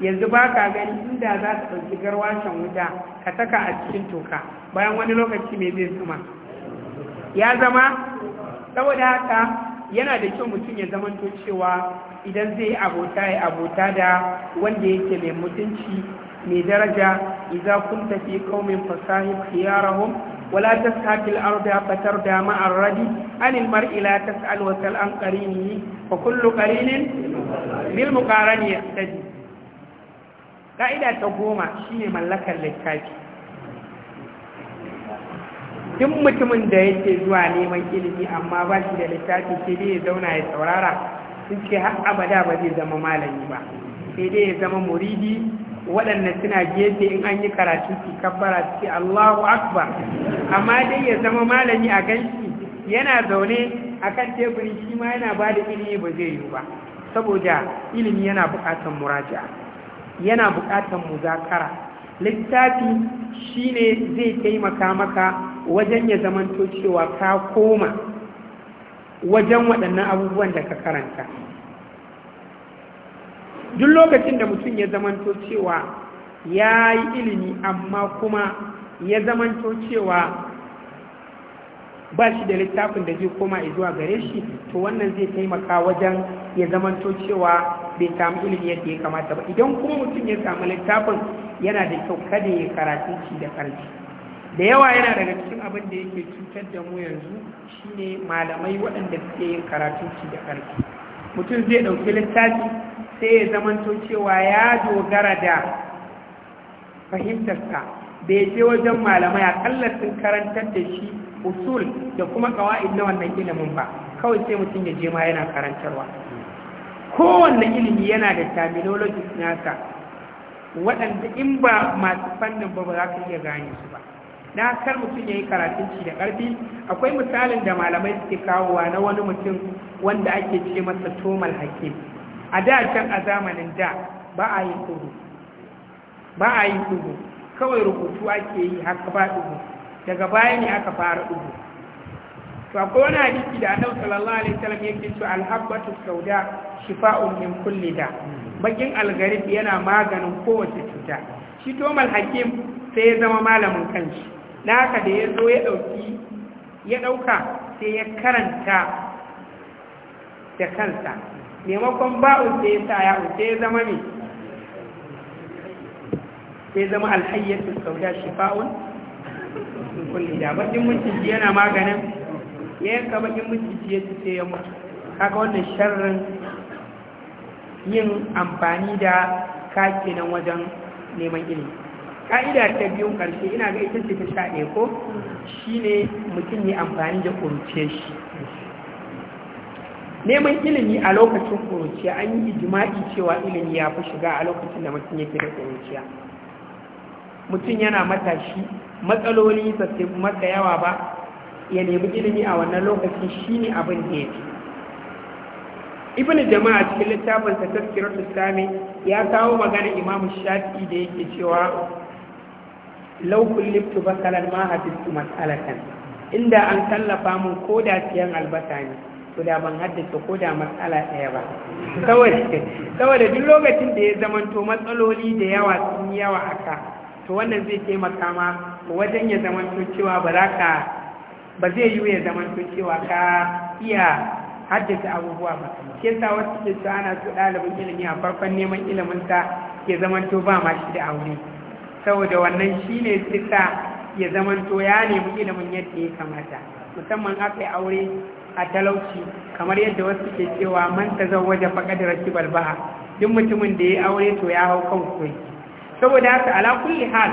yanzu ba ka gani inda za ka ɗauki garwashin wuta ka saka a cikin toka bayan wani lokaci mai zai zuma ya zama saboda haka yana da kyau mutum ya zamanto cewa idan zai yi abota ya abota da wanda yake mai mutunci mai daraja idza kun tafi kaumin fasahin khiyarahum wala tashhaq arda ardu fatarda ma'a radi an ilmar ila tas'al wa sal an qarinihi wa kullu qarinin bil muqarani yahtadi ka'ida ta goma shine mallakar littafi duk mutumin da yake zuwa neman ilimi amma ba shi da littafi sai dai ya zauna ya saurara sun ce har abada ba zai zama malami ba sai dai ya zama muridi waɗanda suna gefe in an yi karatu su kabbara su ce Allahu Akbar amma dai ya zama malami a shi yana zaune a kan teburi shi ma yana ba da ilimi ba zai yi ba saboda ilimi yana buƙatar muraja yana buƙatar muzakara littafi shine zai taimaka maka wajen ya zamanto cewa ka koma wajen waɗannan abubuwan da ka karanta duk lokacin da mutum ya zamanto cewa ya yi ilimi amma kuma ya zamanto cewa ba shi da littafin da zai koma zuwa gare shi to wannan zai taimaka wajen ya zamanto cewa bai samu ilimi yadda ya kamata ba idan kuma mutum ya samu littafin yana da kyau kada ya karatu shi da karfi da yawa yana daga cikin abin da yake cutar da mu yanzu shine malamai waɗanda suke yin karatu shi da karfi mutum zai ɗauki littafi sai ya zamanto cewa ya dogara da fahimtarsa bai je wajen malamai akalla sun karantar da shi usul da kuma kawai na wannan ilimin ba kawai sai mutum ya je ma yana karantarwa kowanne ilimi yana da terminologies nasa waɗanda in ba masu fannin ba ba za ka iya gane su ba na kar mutum ya yi karatun ci da ƙarfi akwai misalin da malamai suke kawowa na wani mutum wanda ake ce masa tomal hakim a da can a zamanin da ba a yi tuhu ba a yi kawai rubutu ake yi haka ba tuhu daga baya ne aka fara tuhu to akwai wani hadisi da annabi sallallahu alaihi wasallam yake cewa alhabbatu sauda shifa'un min kulli da bakin algarib yana maganin kowace cuta shi tomal hakim sai ya zama malamin kanshi da haka da ya zo ya dauki ya dauka sai ya karanta da kansa maimakon ba'u sai ya sa ya'u sai ya zama ne sai zama alhayyatu sauda shifa'un min kulli da bakin mutunci yana maganin yayin ka bakin mutunci ya ce ya mutu haka wannan sharrin yin amfani da ka nan wajen neman ilimi ka'ida ta biyun ƙarshe ina ga ita ce ta sha ɗaya ko Shi ne mutum ya amfani da kuruciyar shi neman ilimi a lokacin ƙuruciya an yi jima'i cewa ilimi ya fi shiga a lokacin da mutum yake da ƙuruciya mutum yana matashi matsaloli ba sai masa yawa ba ya nemi ilimi a wannan lokacin shi ne abin da ya fi ibn jama'a cikin littafin sa tafsirul sami ya kawo magana imam shafi'i da yake cewa law kullibtu basalan ma hadithu mas'alatan inda an tallafa mun koda siyan albasa ne to da ban haddace koda mas'ala ɗaya ba saboda duk lokacin da ya zamanto matsaloli da yawa sun yawa aka to wannan zai taimaka ma wajen ya zamanto cewa ba za ka ba zai yi ya zamanto cewa ka iya haddace abubuwa ba ke sa wasu ke cewa ana so ɗalibin ilimi a farkon neman iliminsa ya zamanto ba ma shi da aure saboda wannan shi ne sita ya zamanto ya nemi ilimin yadda ya kamata musamman aka yi aure a talauci kamar yadda wasu ke cewa man ta zan waje da kibar baha duk mutumin da ya yi aure to ya hau kan koyi saboda haka ala kulli hal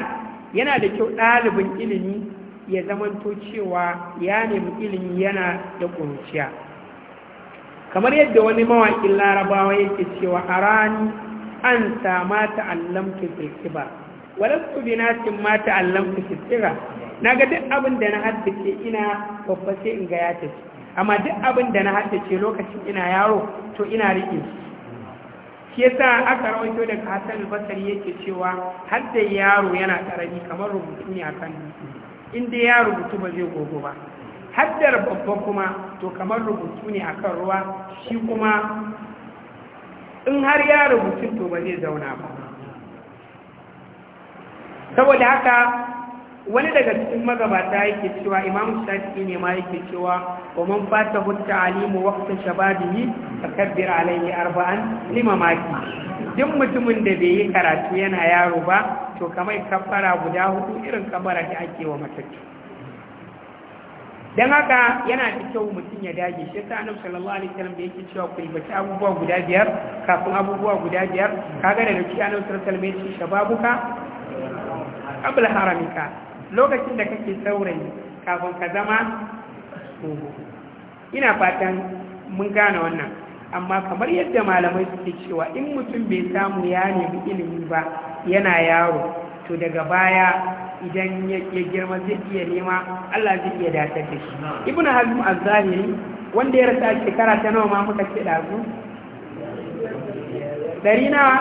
yana da kyau ɗalibin ilimi ya zamanto cewa ya nemi ilimi yana da ƙuruciya kamar yadda wani mawaƙin larabawa yake cewa arani an ta mata allamtu filkiba walastu bi mata allamtu filkiba na ga duk abin da na haddace ina babba sai in ga ya tafi amma duk abin da na haddace lokacin ina yaro to ina riƙe shi yasa aka rawaito daga Hassan al-Basri yake cewa hadda yaro yana karami kamar rubutu ne akan dutse in dai ya rubutu ba zai gogo ba haddar babba kuma to kamar rubutu ne akan ruwa shi kuma in har ya rubutu to ba zai zauna ba saboda haka wani daga cikin magabata yake cewa imam shafi'i ne ma yake cewa wa man fata hutta alimu waqtin shababihi takabbir alayhi arba'an lima maki duk mutumin da bai yi karatu yana yaro ba to kamar kafara guda hudu irin kabara da ake wa matattu don haka yana da kyau mutum ya dage shi ta annabi sallallahu alaihi wasallam da yake cewa ku bace abubuwa guda biyar kafin abubuwa guda biyar kaga da dauki annabi sallallahu alaihi wasallam shababuka qabla haramika lokacin da kake saurayi kafin ka zama tsoho ina fatan mun gane wannan amma kamar yadda malamai suke cewa in mutum bai samu ya nemi ilimi ba yana yaro to daga baya idan ya girma zai iya nema Allah zai iya dace da shi ibn hazm az-zahiri wanda ya rasa shekara ta nawa ma muka ce da su dari nawa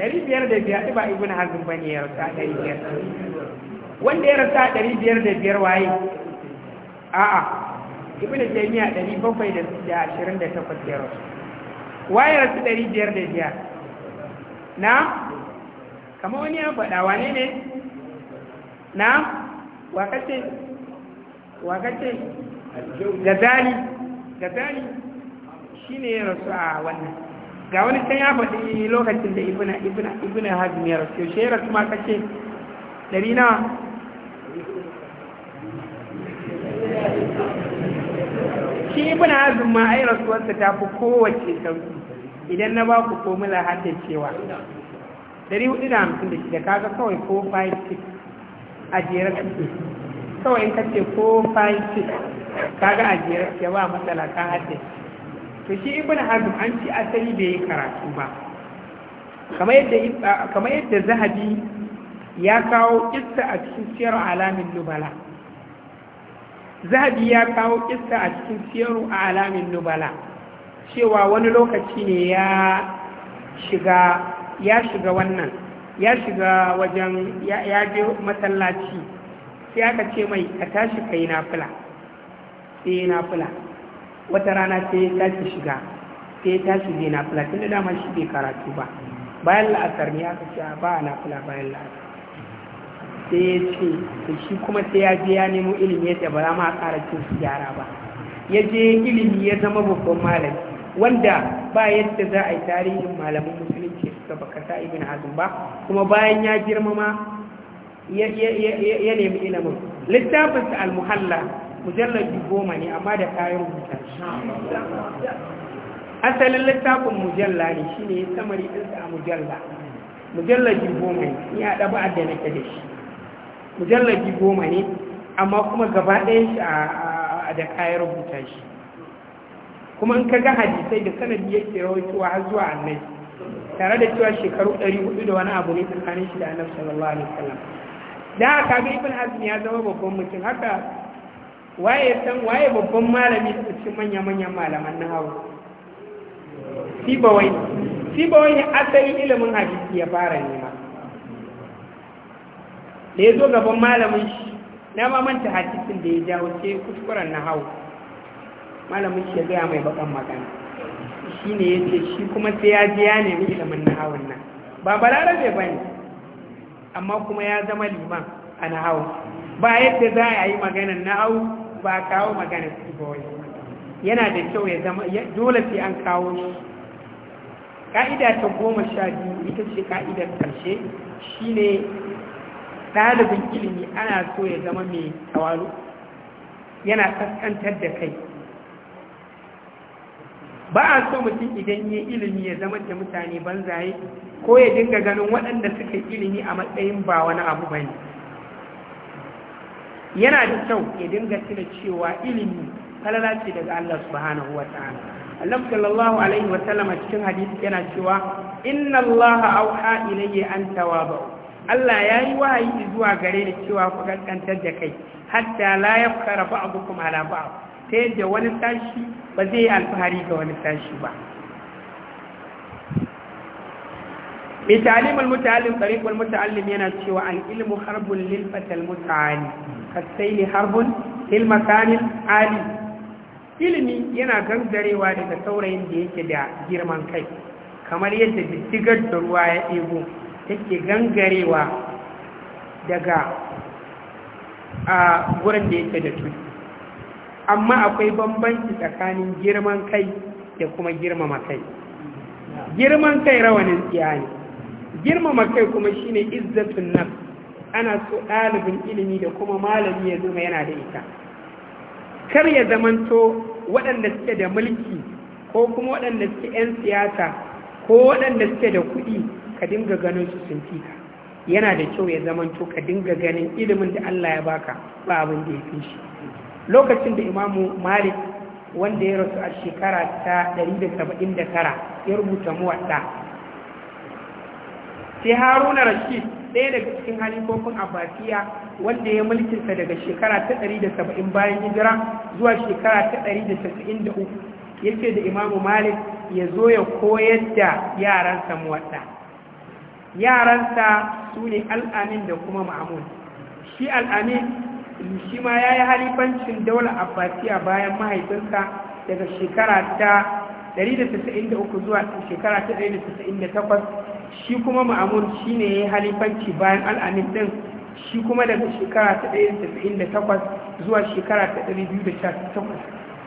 dari biyar da biyar ba ibn hazm bane ya rasa dari biyar wanda ya rasa dari biyar da biyar waye a'a ibn taymiya dari bakwai da ashirin da takwas ya rasu waye rasu dari biyar da biyar na kamar wani ya faɗa wane ne na wakace wakace gazali gazali shine ya rasu a wannan ga wani can ya faɗi lokacin da ibina ibina ibina hajjim ya rasu yaushe ya rasu ma kace ɗari nawa shi ibina hajjim ma ai rasuwarsa ta fi kowace sauki idan na ba ku da shi 456 kaga kawai ko 5 6 a jere kake kawai in ce ko five kaga a jere kake ba matsala ka haɗe to shi ibn hazm an ci asali bai yi karatu ba kamar yadda kamar yadda zahabi ya kawo kissa a cikin siyar alamin nubala zahabi ya kawo kissa a cikin siyar alamin nubala cewa wani lokaci ne ya shiga ya shiga wannan ya shiga wajen ya je masallaci sai aka ce mai ka tashi ka yi nafila sai yi nafila wata rana sai ya tashi shiga sai ya tashi zai nafila tun da dama shi bai karatu ba bayan la'asar ne aka ce ba a nafila bayan la'asar sai ya ce da shi kuma sai ya je ya nemo ilimi ya ba za ma a ƙara cin su gyara ba ya je ilimi ya zama babban malami wanda ba yadda za a yi tarihin malamin musulunci suka baka sa ibn hazm ba kuma bayan ya girmama ya nemi ilimin littafinsa al-muhalla mujallabi goma ne amma da kayan rubuta asalin littafin mujalla ne shi ne samari ɗinsa a mujalla mujallabi goma ne ya haɗa ba da nake da shi mujallabi goma ne amma kuma gaba ɗayan shi a da kayan rubuta shi kuma in ka ga hadisai da sanadi yake rawaitowa har zuwa annabi tare da cewa shekaru 400 da wani abu ne tsakanin shi da annabi sallallahu alaihi wasallam da aka ga ibn hazmi ya zama babban mutum haka waye san waye babban malami da cikin manya manyan malaman na hawo sibawai sibawai asalin ilimin hadisi ya fara nema da ya zo gaban malamin shi na mamanta hadisin da ya jawo ce kuskuren na hawo malamin shi ya gaya mai bakan magana shi ne ya ce shi kuma sai ya je ya nemi ilimin hawan nan ba balarabe ba ne amma kuma ya zama liman a hawan ba yadda za a yi maganar hau, ba kawo magana su ba wani yana da kyau ya zama dole sai an kawo shi ka'ida ta goma sha biyu ita ce ka'idar karshe shi ne ɗalibin ilimi ana so ya zama mai tawalu yana kaskantar da kai ba a so mutum idan yi ilimi ya zama da mutane zaye ko ya dinga ganin waɗanda suka ilimi a matsayin ba wani abu ba ne yana da kyau ya dinga tuna cewa ilimi falala ce daga Allah subhanahu wa ta'ala Allah sallallahu alaihi wa sallam a cikin hadisi yana cewa inna Allah auha ilayya an tawaba Allah ya yayi wahayi zuwa gare ni cewa ku kankantar da kai hatta la yafkara ba'dukum ala ba'd Sai da wani sashi ba zai yi alfahari ga wani sashi ba mai talimul muta'allim tsarikul muta'allim yana cewa an ilmu harbun lil mutane kasai ne harbun ilmakanin ali ilimi yana gangarewa daga saurayin da yake da girman kai kamar yadda diddigar da ruwa ya ego take gangarewa daga a gurin da yake da tudu amma akwai bambanci tsakanin girman kai da kuma girmama kai girman kai rawanin tsiyani ne girmama kai kuma shine izzatun nan ana so ɗalibin ilimi da kuma malami ya zama yana da ita kar ya zamanto waɗanda suke da mulki ko kuma waɗanda suke 'yan siyasa ko waɗanda suke da kuɗi ka dinga ganin su sun fi yana da kyau ya zamanto ka dinga ganin ilimin da Allah ya baka ba abin da ya fi shi lokacin da imamu malik wanda ya rasu a shekara ta 179 ya rubuta muwadda sai haruna rashid ɗaya daga cikin halifofin abbasiya wanda ya mulkinsa daga shekara ta 170 bayan hijira zuwa shekara ta 193 yake da imamu malik ya zo ya koyar da yaransa muwaɗa. yaransa su ne al'amin da kuma ma'amun shi al'amin shi ma ya yi halifancin daular abbasiya bayan mahaifinsa daga shekara ta 193 zuwa shekara ta 198 shi kuma ma'amun shi ne ya yi halifanci bayan al'amin din shi kuma daga shekara ta 198 zuwa shekara ta 218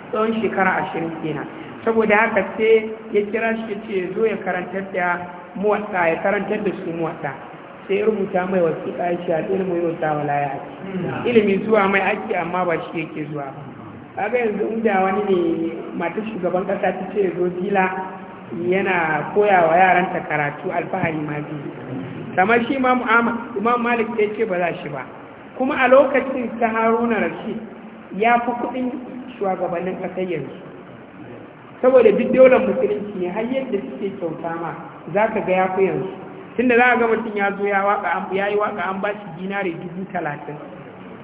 tsawon shekara 20 kena saboda haka sai ya kira shi ce zo ya karantar da muwatsa ya karantar da su muwatsa sai rubuta mai wasiƙa ya a ɗin mai ta wala ya ake hmm. ilimi zuwa mai ake amma ba shi yake zuwa ba kaga yanzu inda wani ne mata shugaban ƙasa ta ce zo dila yana koya wa yaranta karatu alfahari ma biyu kamar shi imam malik ya ce ba za shi ba kuma a lokacin ta haruna rashid ya fi kuɗin shugabannin ƙasar yanzu saboda duk daular musulunci ne har yadda suke kyauta ma za ka ga ya fi yanzu tunda za a ga mutum ya zo ya yi waka an ba shi dinare dubu talatin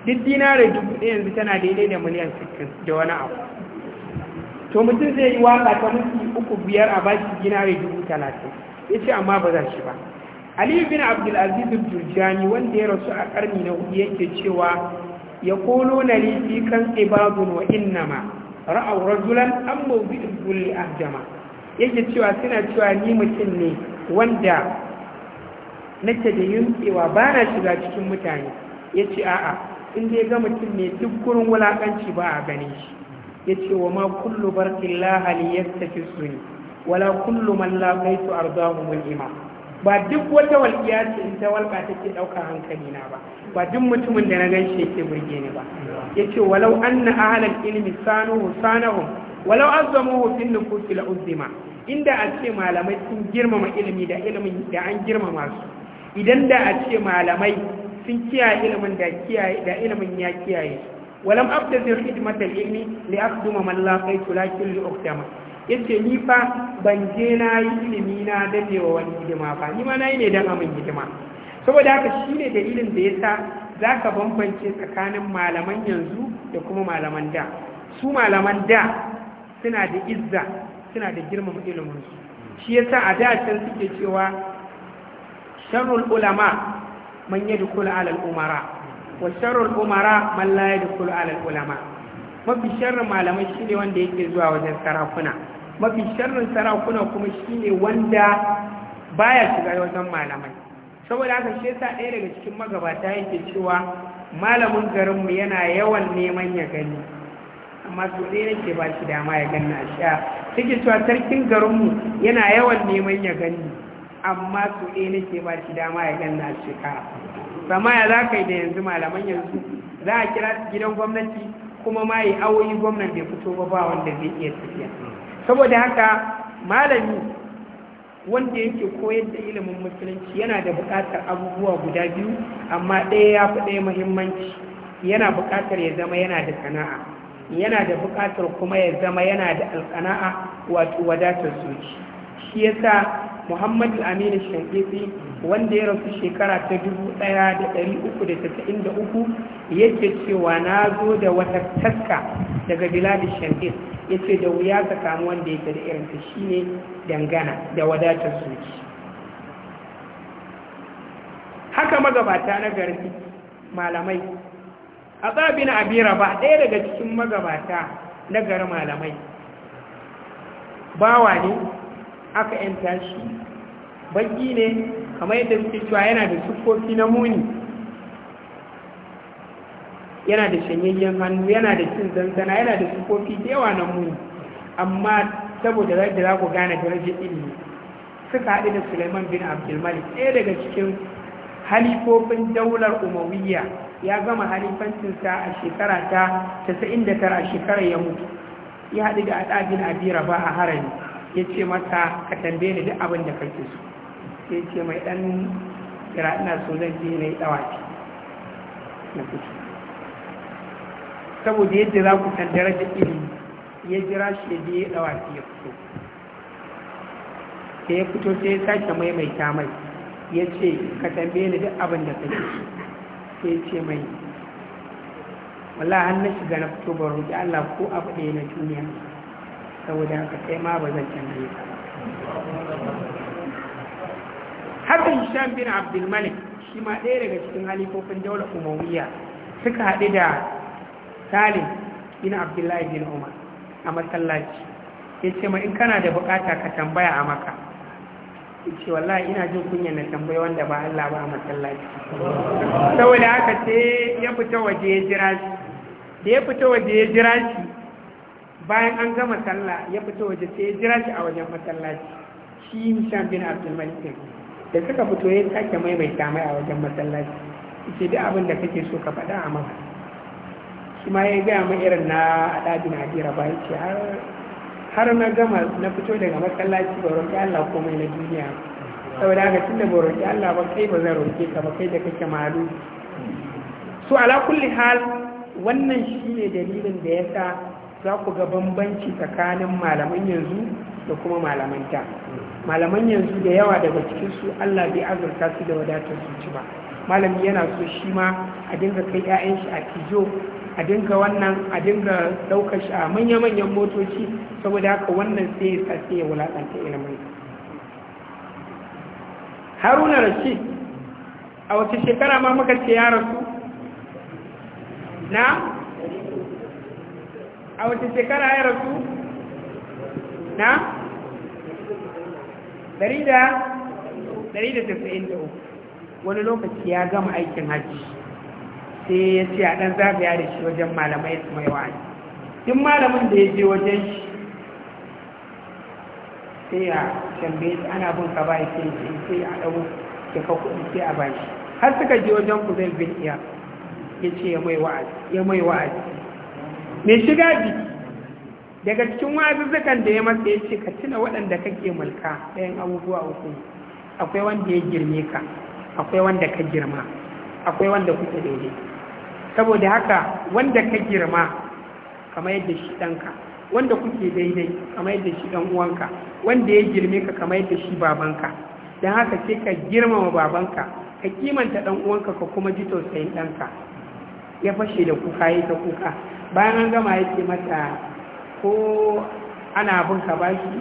duk dinare dubu ɗaya yanzu tana daidai da miliyan sittin da wani abu to mutum zai yi waka ta mutum uku biyar a ba shi dinare dubu talatin ya ce amma ba za shi ba aliyu bin abdulaziz jurjani wanda ya rasu a karni na hudu yake cewa ya kolo na lifi kan ibadun wa innama ra'au rajulan an mawubi ibul ahjama yake cewa suna cewa ni mutum ne wanda nake da yunkewa ba na shiga cikin mutane ya ce a'a in dai ga mutum ne duk gurin wulaƙanci ba a gane shi ya ce wa ma kullu barkin lahali ya tafi ne. wala kullu man laƙaitu arzahu mul'ima ba duk wata walƙiya ce in ta walƙa take ɗauka hankali na ba ba duk mutumin da na gan shi yake burge ni ba ya ce walau na ahlal ilmi sanuhu sanahum walau azzamuhu fin nufusi la uzima? inda a ce malamai sun girmama ilimi da ilimin da an girmama su idan da a ce malamai sun kiyaye ilimin da kiyaye da ilimin ya kiyaye walam abtazir khidmat al-ilmi li akhduma man la qaytu la li uqtama yace ni fa ban je na yi ilimi na ne wa wani hidima fa ni ma nayi ne dan amin hidima saboda haka shine dalilin da yasa zaka bambance tsakanin malaman yanzu da kuma malaman da su malaman da suna da izza suna da girmama ilimin su shi yasa a da can suke cewa sharrul ulama man yadkhulu ala al-umara wa sharrul umara man la yadkhulu ala al-ulama mafi sharrin malamai shine wanda yake zuwa wajen sarakuna mafi sharrin sarakuna kuma shi ne wanda baya shiga wajen malamai saboda haka shi yasa ɗaya daga cikin magabata yake cewa malamin garinmu yana yawan neman ya gani amma su ɗaya nake ba shi dama ya ganna a sha take cewa sarkin garinmu yana yawan neman ya gani amma su ɗaya nake ba shi dama ya ganna a shekara sama ya za ka yi da yanzu malaman yanzu za a kira su gidan gwamnati kuma ma yi awoyi gwamnan bai fito ba ba wanda zai iya tafiya saboda haka malami wanda yake koyar da ilimin musulunci yana da buƙatar abubuwa guda biyu amma ɗaya ya fi ɗaya muhimmanci yana buƙatar ya zama yana da sana'a yana da buƙatar kuma ya zama yana da alƙana'a wato wadatar zuci shi yasa muhammadu aminu shankisi wanda ya rasu shekara ta 1393 yake cewa na zo da wata taska daga biladi shankis ya ce da wuya ka samu wanda yake da irinta shi ne dangana da wadatar soji. haka magabata na garfi malamai a na abira ba ɗaya daga cikin magabata na garin malamai bawa ne aka 'yanta shi baki ne kamar yadda suke cewa yana da siffofi na muni yana da shanyayyen hannu yana da cin zanzana yana da siffofi da yawa na muni amma saboda da za ku gane darajar ilimi suka haɗu da suleiman bin abdulmalik ɗaya daga cikin halifofin daular umawiya ya gama halifancinsa a shekara ta 99 a shekarar ya mutu ya haɗu da al'adun abira ba a harami ya ce masa ka tambaye ni duk abin da kake so sai ce mai ɗan kira ina so zan je na yi ɗawaki na fito saboda yadda za ku san darajar ilimi ya jira shi ya je ya ya fito sai ya fito sai ya sake maimaita mai ya ce ka tambaye ni duk abin da kake sai ya ce mai wala na shiga na fito ba roƙi Allah ko abu ɗaya na duniya saboda haka kai ma ba zan canza ka ba hakan Hisham bin Abdul Malik shi ma ɗaya daga cikin halifofin daular Umayya suka haɗu da Salim bin Abdullahi bin Umar a masallaci ce ma in kana da bukata ka tambaya a maka ce wallahi ina jin kunya na tambaya wanda ba Allah ba a masallaci saboda haka sai ya fita waje ya jira shi da ya fita waje ya jira shi bayan an gama sallah ya fita waje sai ya jira shi a wajen masallaci shi Hisham bin Abdul Malik da suka fito ya sake maimaita mai a wajen masallaci ce duk abin da kake so ka faɗa a maka shi ma ya gaya mai irin na adabi na ba ce har na gama na fito daga masallaci ba roƙi Allah komai na duniya saboda haka tunda ba roƙi Allah ba kai ba zan roƙe ka ba kai da kake malu Su ala kulli hal wannan shine dalilin da ya sa za ku ga bambanci tsakanin malaman yanzu da kuma malaman ta malaman yanzu da yawa daga cikinsu allah bai azurta su da wadatar zuci ba malami yana so shi ma a dinga kai 'ya'yan shi a tijo a dinga wannan a dinga ɗaukar shi a manya-manyan motoci saboda haka wannan sai ya sa sai ya wulaƙanta ilimin haruna rashid a wace shekara ma muka ce ya rasu na a wace shekara ya rasu na ɗari da ɗari inda uku wani lokaci ya gama aikin hajji sai ya ce a ɗan zagaya da shi wajen malamai su mai wa'ani tun malamin da ya je wajen shi sai ya tambaye shi ana bin ka ba ya ce eh, sai a ɗau ka kuɗi sai a bashi har suka je wajen ku zai bin iya ya ce ya mai wa'azi ya mai mai shiga biki daga cikin wazuzzukan da ya masa ya ce ka tuna waɗanda kake mulka ɗayan abubuwa uku akwai wanda ya girme ka akwai wanda ka girma akwai wanda kuke daidai saboda haka wanda ka girma kamar yadda shi ɗanka wanda kuke daidai kamar yadda shi ɗan uwanka wanda ya girme ka kamar yadda shi babanka don haka ce ka girmama babanka ka kimanta ɗan uwanka ka kuma ji tausayin ɗanka ya fashe da kuka ya ta kuka bayan an gama ya ce mata ko ana abin ka bashi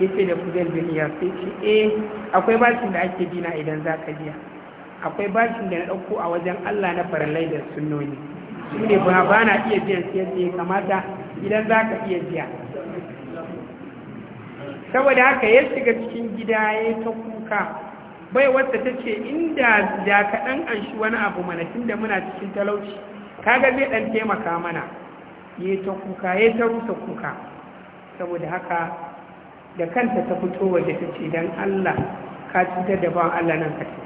ya ce da kuzel bin ya ce eh akwai bashin da ake dina idan za ka biya akwai bashin da na ɗauko a wajen allah na farallai da sunnoni Su ne ba ba na iya biyan sai yadda ya kamata idan za ka iya biya saboda haka ya shiga cikin gida ya ta kuka bai wata ta ce inda da kaɗan an shi wani abu mana tun da muna cikin talauci kaga zai ɗan taimaka mana ya ta kuka ya ta rusa kuka saboda haka da kanta ta fito waje ta ce don allah ka cutar da ba allah nan ka ce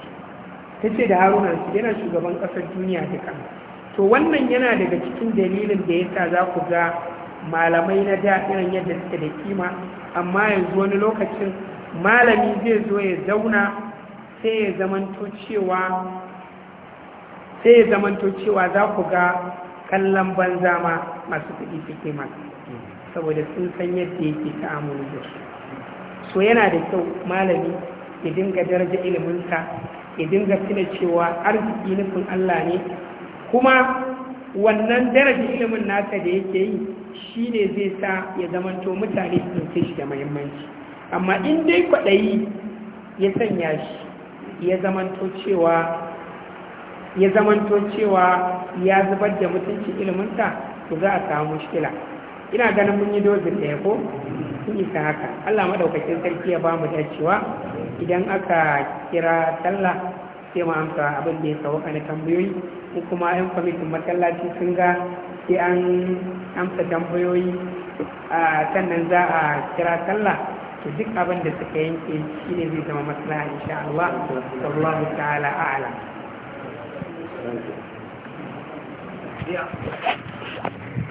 ta ce da haruna su yana shugaban kasar duniya duka to wannan yana daga cikin dalilin da ya sa za ku ga malamai na da irin yadda suke da kima amma yanzu wani lokacin malami zai zo ya zauna sai ya zamanto cewa sai ya zamanto cewa za ku ga kallon banza ma masu kuɗi suke masa saboda sun san yadda yake ta'amun da su so yana da kyau malami ya dinga daraja iliminsa ya dinga tuna cewa arziki nufin Allah ne kuma wannan daraja ilimin nasa da yake yi shi ne zai sa ya zamanto mutane su ɗauke shi da muhimmanci amma in dai kwaɗayi ya sanya shi ya zamanto cewa ya zamanto cewa ya zubar da mutunci iliminsa to za a samu mushkila ina ganin mun yi dozin da ko sun isa haka Allah maɗaukacin sarki ya ba bamu dacewa idan aka kira sallah sai mu amsa abin da ya sauka na tambayoyi ko kuma yan kwamitin masallaci sun ga sai an amsa tambayoyi a sannan za a kira sallah to duk abin da suka yanke shine zai zama maslaha insha Allah sallallahu ta'ala a'lam Yeah.